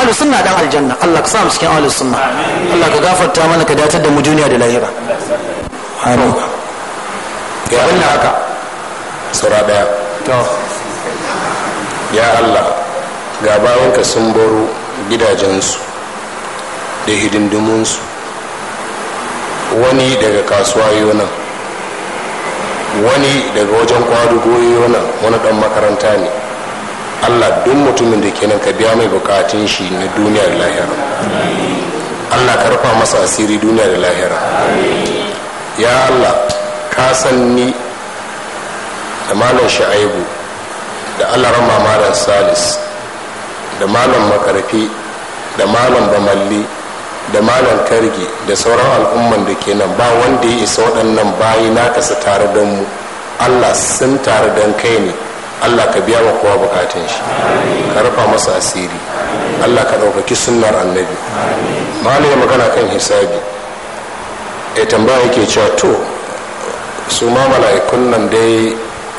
Speaker 1: ahlus sunna dan aljanna Allah ka sa mu cikin ahlus sunna Allah ka gafarta mana ka datar da mu duniya da lahira hannu ya abin
Speaker 2: haka tsura daya ya allah ga bayanka sun baro gidajensu da hidindimunsu wani daga kasuwa yona wani daga wajen kwadugo yonan wani dan makaranta ne allah duk mutumin da kenan ka biya mai bukatun shi na duniya da lahira allah karfa masa asiri duniya da lahira ya allah ka san ni da malam sha'aibu da rama malam salis da malam makarfi da malam bamalli da malam karge da sauran al'umman da ke nan ba wanda ya isa waɗannan bayi naka su tare don mu allah sun tare don kai ne allah ka biya wa kowa bukatun shi ka rufa masa asiri allah ka ɗaukaki sunnar annabi malam ya magana kan hisabi ya eh, tambaya yake cewa to su ma mala'ikun nan dai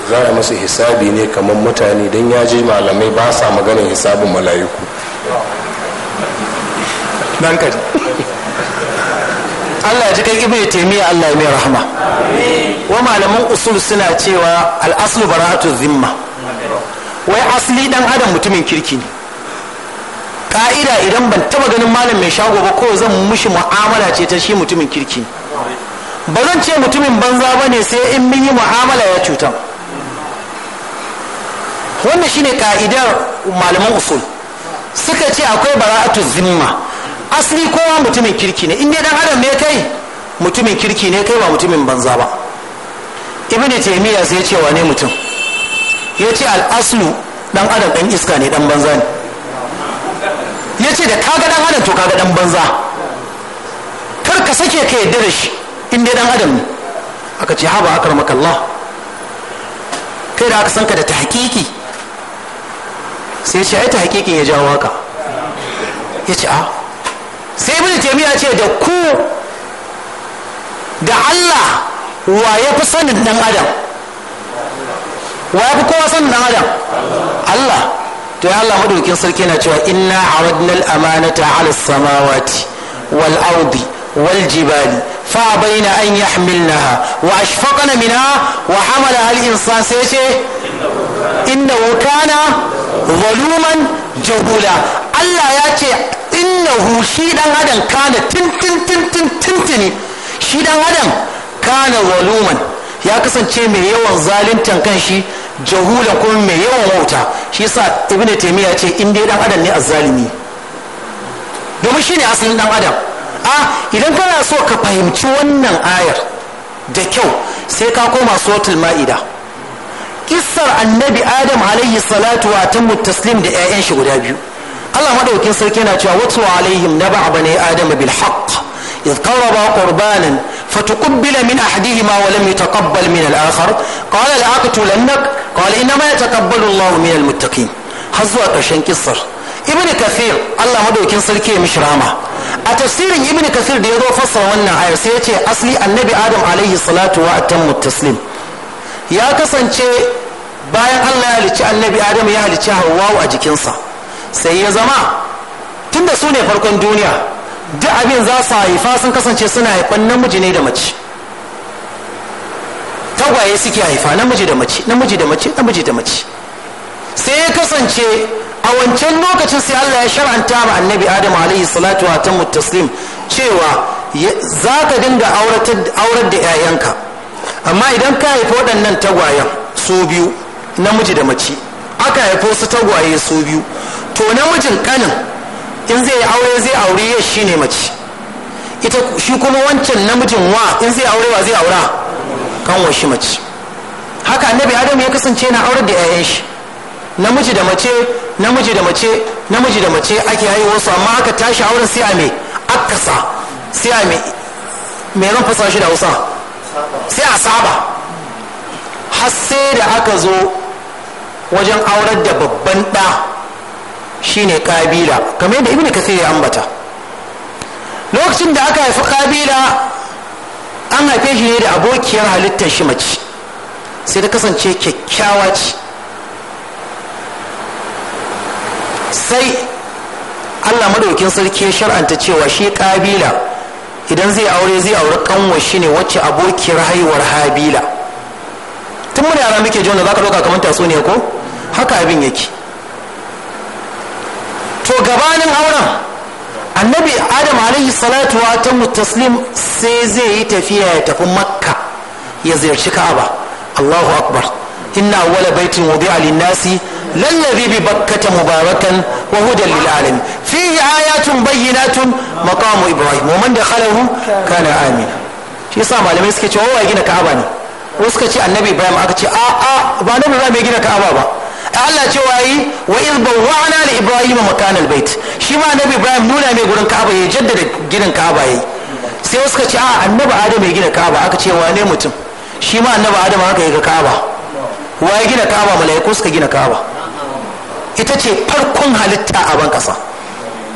Speaker 2: za a masu hisabi ne kamar mutane don ya ji malamai ba sa maganin hisabin mala'iku
Speaker 3: kaji
Speaker 1: Allah ya ji kai ibnu taymiya Allah ya mai rahama wa malaman usul suna cewa al'aslu baratu zimma wai asli dan adam mutumin kirki ne ka'ida idan ban taba ganin malam mai shago ba ko zan mushi mu'amala ce ta shi mutumin kirki ne ba zan ce mutumin banza ba ne sai in mun yi mu'amala ya cutan wannan shine ka'idar malaman usul suka ce akwai bara'atu zimma asali kowa mutumin kirki ne in dan adam ne kai mutumin kirki ne kai ba mutumin banza ba ibnu taymiya sai ce wane mutum ya ce al'aslu dan adam dan iska ne dan banza ne ya ce da kaga dan adam to kaga dan banza ka sake ka yadda da shi in dai dan adam ne aka ce haba akar makallah kai da aka san ka da ta hakiki sai ce ai ta hakikin ya jawo ka ya ce a sai ibn taymiya ce da ku da Allah wa ya fi sanin dan adam wa ya fi kowa sanin dan adam Allah to ya Allah madaukin sarki na cewa inna aradna al-amanata ala samawati wal ardi والجبال فأبين أن يحملنها وأشفقن منها وحملها الإنسان سيشي إنه كان ظلوما جهولا الله يأتي إنه شيئا هذا كان تن تن تن تن تن تن شيئا هذا كان ظلوما يا كسن شيء من يوم ظالم تنكنشي jahulan kuma mai yawan wauta shi yasa ibnu taymiya ce in dai dan adam ne azzalimi domin shine asalin dan adam a idan kana so ka fahimci wannan ayar da kyau sai ka koma suratul ma'ida kissar annabi adam alayhi salatu wa tammu taslim da 'ya'yan shi guda biyu Allah madaukin sarki yana cewa watu alaihim na ba'a bane adam bil haqq إذ قربا قربانا فتقبل من أحدهما ولم يتقبل من الآخر قال لأقتلنك قال إنما يتقبل الله من المتقين هزوا قرشين كسر ibn kathir allah madaukin sarki ya mishi rama a tafsirin ibn kathir da ya zo fassara wannan ayar sai ya ce asli annabi adam alaihi salatu wa atammu taslim ya kasance bayan allah ya halicci annabi adam ya halicci hawwawu a jikinsa sai ya zama tunda su ne farkon duniya duk abin za su haifa sun kasance suna haifan namiji ne da mace tagwaye suke haifa namiji da mace namiji da mace namiji da mace sai ya kasance a wancan lokacin sai Allah ya shar'anta ma annabi Adam alayhi salatu wa ta taslim cewa za ka dinga aurar da 'ya'yanka amma idan ka haifi waɗannan tagwayen su biyu namiji da mace aka haifo su tagwaye su biyu to namijin kanin in zai aure zai aure ya shi ne mace ita shi kuma wancan namijin wa in zai aure wa zai aura kan shi mace haka annabi adam ya kasance na aurar da 'ya'yan shi namiji da mace namiji da mace namiji da mace ake haihuwar su amma aka tashi auren sai a me akasa sai a me me zan fasa shi da Hausa sai a saba har sai da aka zo wajen aurar da babban ɗa shine kabila kamar yadda ibn kasir ya ambata lokacin da aka haifi kabila an haife shi ne da abokiyar halittar shi mace sai ta kasance kyakkyawa ce sai allah madaukin sarki ya shar'anta cewa shi kabila idan zai aure zai aure kanwa shi ne wacce abokiyar haihuwar habila tun muna yara muke jona za ka ɗauka kamar taso ne ko haka abin yake to gabanin auren annabi adam alaihi salatu wa ta mutaslim sai zai yi tafiya ya tafi makka ya ziyarci ka'aba allahu akbar inna wala baitin wudi'a lin-nasi lallazi bi bakkata mubarakan wa hudan lil alamin fihi ayatun bayyinatun maqamu ibrahim wa man dakhalahu kana amina shi yasa malamai suke cewa wa gina ka'aba ne wasu suka ce annabi ibrahim aka ce a a ba annabi ibrahim ya gina ka'aba ba Allah ce wa iz bawwa'na li ibrahim makan albayt shi ma annabi ibrahim nuna mai gurin ka'aba ya jaddada gidan ka'aba yayi sai wasu suka ce a annabi adam ya gina ka'aba aka ce ne mutum shi ma annabi adam haka yi ga ka'aba wa ya gina ka'aba mala'iku suka gina ka'aba ita ce farkon halitta a ban kasa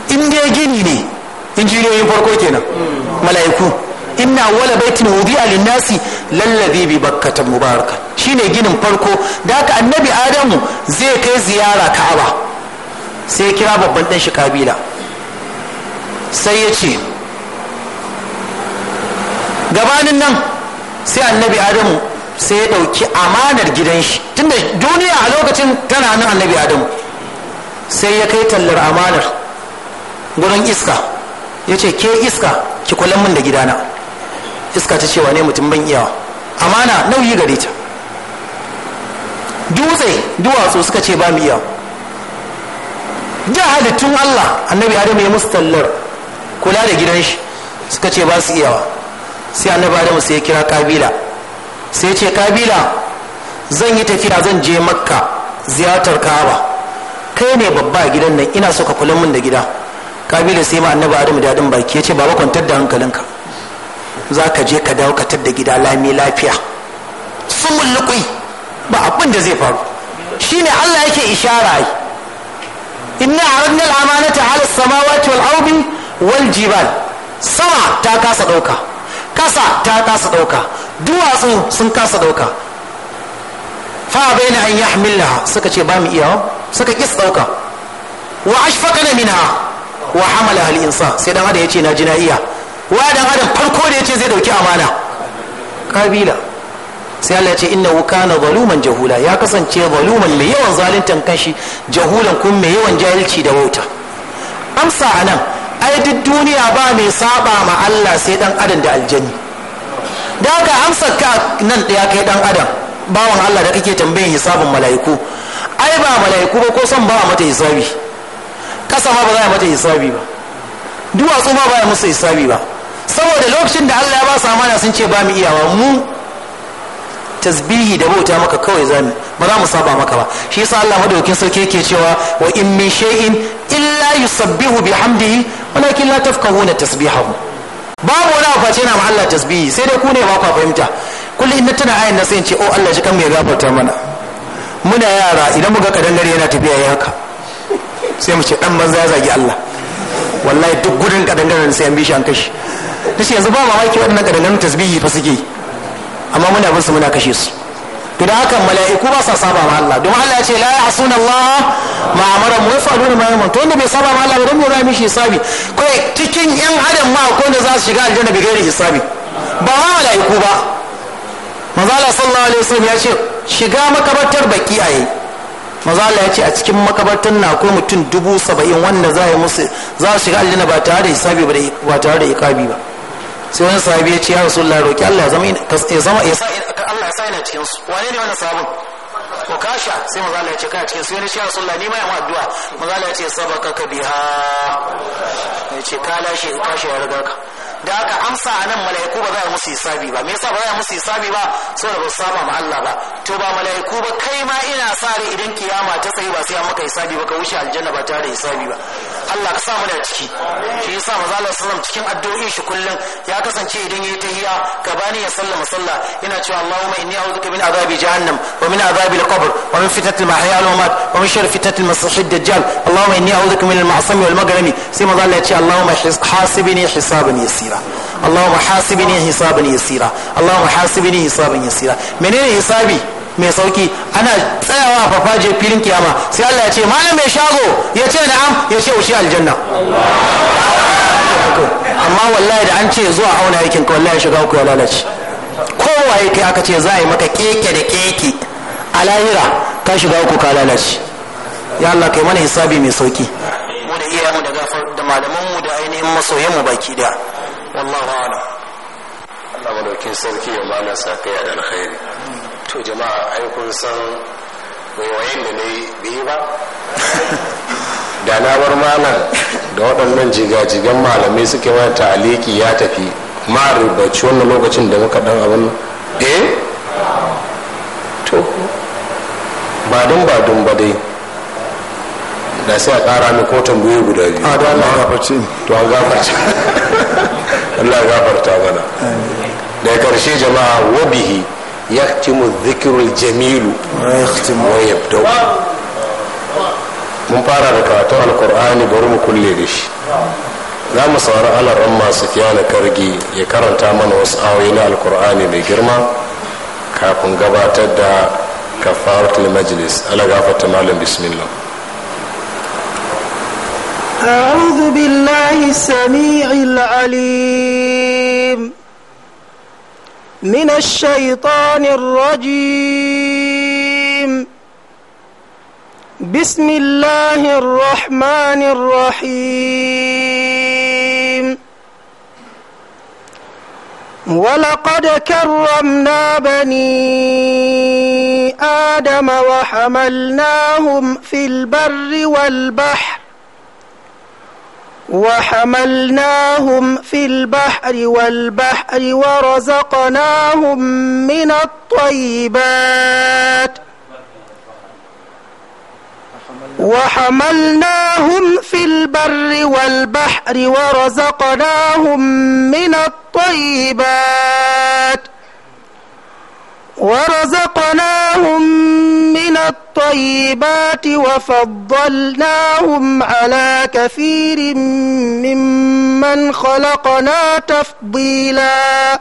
Speaker 1: in dai gini ne injiniyoyin farko kenan mala'iku inna wala baitin a linnasi lallabi bi bakkata mubaraka shine ginin farko da aka annabi adamu zai kai ziyara ka'aba sai kira babban dan shi kabila sai ya ce gabanin nan sai annabi adamu sai ya ɗauki amanar gidan shi tunda duniya a lokacin tana nan annabi adamu sai ya kai tallar amanar gudun iska ya ce ke iska ki kulan min da gidana iska ta cewa ne mutum ban iyawa amana nauyi gare ta dutse duwatsu suka ce ba mu iyawa da tun allah annabi adamu ya musu tallar kula da gidan shi suka ce ba su iyawa sai annabi adamu sai ya kira kabila sai ce kabila zan yi tafiya zan je makka ziyartar ka'aba kai ne babba a gidan nan ina so ka kula min da gida kabila sai ma annabi adamu da adam baki yace ce baba kwantar da hankalinka za ka je ka dawo ka tadda gida lami lafiya sun mulkui ba abin da zai faru shine Allah yake ishara yi inna aradna al-amanata ala samawati wal ardi wal jibal sama ta kasa dauka kasa ta kasa dauka duwatsu sun kasa dauka fa baina an yahmilaha suka ce ba mu iya suka kis dauka wa ashfaqana minha wa hamalaha al-insan sai dan adam yace na ji na iya wa dan adam farko da yace zai dauki amana kabila sai Allah ya ce innahu kana zaluman jahula ya kasance zaluman mai yawan zaluntan kashi jahulan kun mai yawan jahilci da wauta amsa anan ai duk duniya ba mai saba ma Allah sai dan adam da aljanni da haka amsa ka nan daya kai dan adam bawan Allah da kake tambayin hisabin mala'iku ai ba mala'iku ba ko son ba mata hisabi kasa ma ba za a mata hisabi ba duwatsu ma ba ya musu hisabi ba saboda lokacin da Allah ya ba su amana sun ce ba mu iyawa mu tasbihi da bauta maka kawai zamu ba za mu saba maka ba shi yasa Allah madaukin sarki yake cewa wa in min shay'in illa yusabbihu bihamdihi walakin la tafqahuna tasbihahu babu wani abu face na Allah tasbihi sai dai ku ne ba ku fahimta kullum inda tana ayan na sai in ce oh Allah shi kan mai gafarta mana muna yara idan muka kadangare yana tafiya ya haka sai mu ce dan banza ya zagi Allah wallahi duk gudun kadangaren sai an bi shi an kashi tace yanzu ba mamaki kadan kadangaren tasbihi fa suke amma muna bin su muna kashe su to dan haka mala'iku ba sa saba ma Allah domin Allah ya ce la ya'sun Allah ma amara mu yafaluna ma yamma to wanda bai saba ma Allah ba dan mu mishi hisabi kai cikin yan adam ma akwai da za su shiga aljanna bi gairi hisabi ba ma mala'iku ba mazala sallallahu alaihi wasallam ya ce shiga makabartar baki a yi mazala ya ce a cikin makabartar na akwai mutum dubu saba'in wanda za a musu za a shiga aljanna ba tare da hisabi ba tare da ikabi ba
Speaker 5: sai wani sahabi ya ce ya Allah roki Allah ya zama ya zama ya sa Allah ya sa
Speaker 1: ina cikin su wane ne wannan sabon ko kasha sai mazala ya ce kana cikin su ya ce ya Allah ni ma yan addu'a mazala ya ce sabaka ka biha ya ce ka lashe kasha ya riga ka da aka amsa a nan mala'iku ba za a musu hisabi ba me yasa ba za a musu hisabi ba saboda ba su saba ma Allah ba to ba mala'iku ba kai ma ina sa rai idan kiyama ta sai ba sai an maka hisabi ba ka wuce aljanna ba tare da hisabi ba Allah ka samu da ciki shi yasa manzo Allah cikin addu'o'in shi kullum ya kasance idan yayi tahiyya gabani ya sallama sallah yana cewa Allahumma inni a'udhuka min adhabi jahannam wa min adhabi al-qabr wa min fitnati al-mahya wal-mamat wa min sharri fitnati al-masih ad-dajjal Allahumma inni a'udhuka min al wal-maghrami sai manzo Allah ya ce Allahumma hasibni hisaban yasira Allahumma hasibni hisaban yasira Allahumma hasibni hisaban yasira menene hisabi mai sauki ana tsayawa a fafaje filin kiyama sai Allah ya ce malam mai shago ya ce na'am ya ce ushi aljanna amma wallahi da an ce zuwa auna yakin ka wallahi shiga uku ya lalace Ko waye kai aka ce za a yi maka keke da keke a lahira ka shiga uku ka lalace ya Allah kai mana hisabi mai sauki mu da iyayenmu da gafar da malamanmu da ainihin mu baki da wallahi
Speaker 2: a'lam Allah madaukin sarki ya mana sa kai da alkhairi to jama'a ai kun san wayoyin da ne yi ba da na bar malam da waɗannan jigajigan malamai suke mana taliki ya tafi ma rubaci wannan lokacin da muka dan abin eh to ba dun ba dun ba dai da sai a ƙara ni ko tambaye guda biyu a da Allah gafarce to an gafarce Allah gafarta mana da karshe jama'a wabihi yaktimu dhikru jamilu wa yabda mun fara da karatun alkur'ani bari mu kulle da shi za mu saurari alaran masu fiyana kargi ya karanta mana wasu awoyi na alkur'ani mai girma kafin gabatar da kafaratul majlis ala gafarta malam bismillah
Speaker 5: أعوذ بالله السميع العليم من الشيطان الرجيم بسم الله الرحمن الرحيم ولقد كرمنا بني آدم وحملناهم في البر والبحر وحملناهم في البحر والبحر ورزقناهم من الطيبات وحملناهم في البر والبحر ورزقناهم من الطيبات ورزقناهم من الطيبات وفضلناهم على كثير ممن خلقنا تفضيلا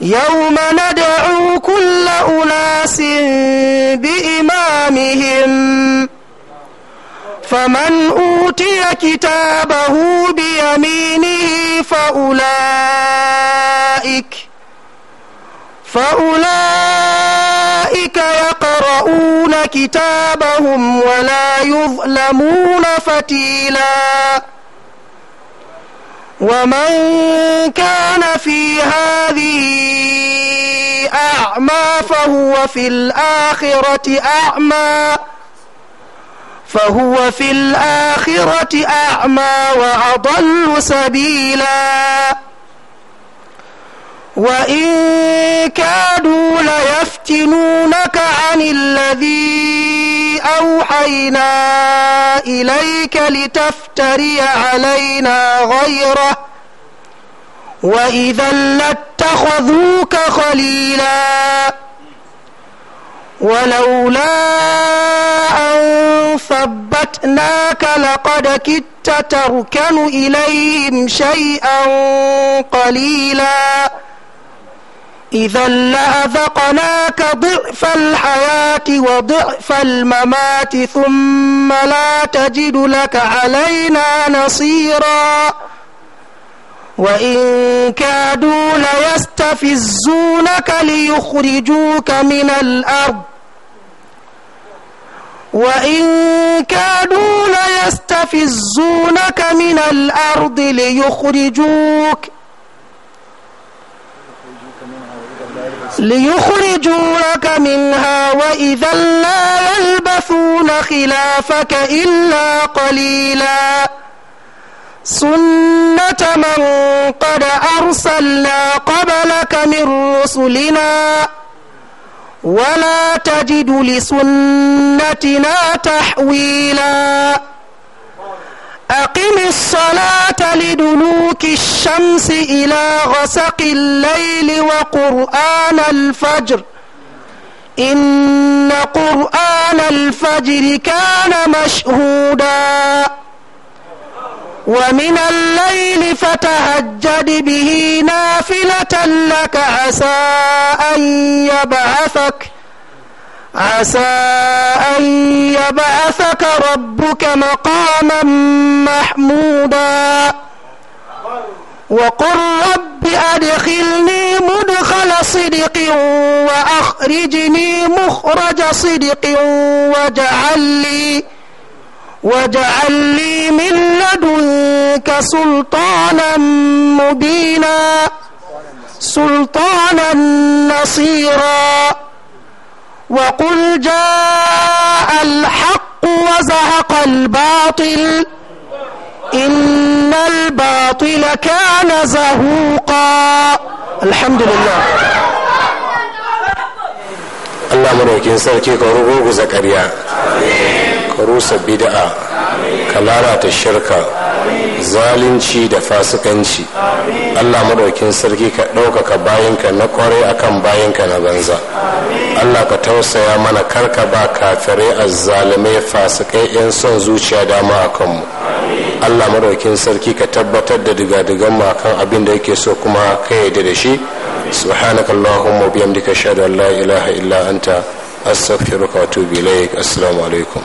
Speaker 5: يوم ندعو كل أناس بإمامهم فمن أوتي كتابه بيمينه فأولئك فأولئك يقرؤون كتابهم ولا يظلمون فتيلا ومن كان في هذه أعمى فهو في الآخرة أعمى فهو في الآخرة أعمى وأضل سبيلاً وإن كادوا ليفتنونك عن الذي أوحينا إليك لتفتري علينا غيره وإذا لاتخذوك خليلا ولولا أن ثبتناك لقد كدت تركن إليهم شيئا قليلا إذا لأذقناك ضعف الحياة وضعف الممات ثم لا تجد لك علينا نصيرا وإن كادوا ليستفزونك ليخرجوك من الأرض وإن كادوا ليستفزونك من الأرض ليخرجوك ليخرجوك منها وإذا لا يلبثون خلافك إلا قليلا سنة من قد أرسلنا قبلك من رسلنا ولا تجد لسنتنا تحويلاً أقم الصلاة لدلوك الشمس إلى غسق الليل وقرآن الفجر إن قرآن الفجر كان مشهودا ومن الليل فتهجد به نافلة لك عسى أن يبعثك عسى أن يبعثك ربك مقاما محمودا وقل رب أدخلني مدخل صدق وأخرجني مخرج صدق واجعل لي واجعل لي من لدنك سلطانا مبينا سلطانا نصيرا وقل جاء الحق وزهق الباطل إن الباطل كان زهوقا الحمد لله
Speaker 2: Allah madaukin sarki ka ruguza ƙarya ka rusa bid'a ka lalata shirka zalunci da fasikanci allah maɗaukin sarki ka ɗaukaka bayanka na kwarai akan bayanka na banza allah ka tausaya mana karka ba kafirai azzalumai fasikai 'yan son zuciya dama a kanmu allah maɗaukin sarki ka tabbatar da digadigan mu akan abin da yake so kuma ka yarda da shi subhanakallahumma biyamdika ashhadu an la ilaha illa anta astaghfiruka wa atubu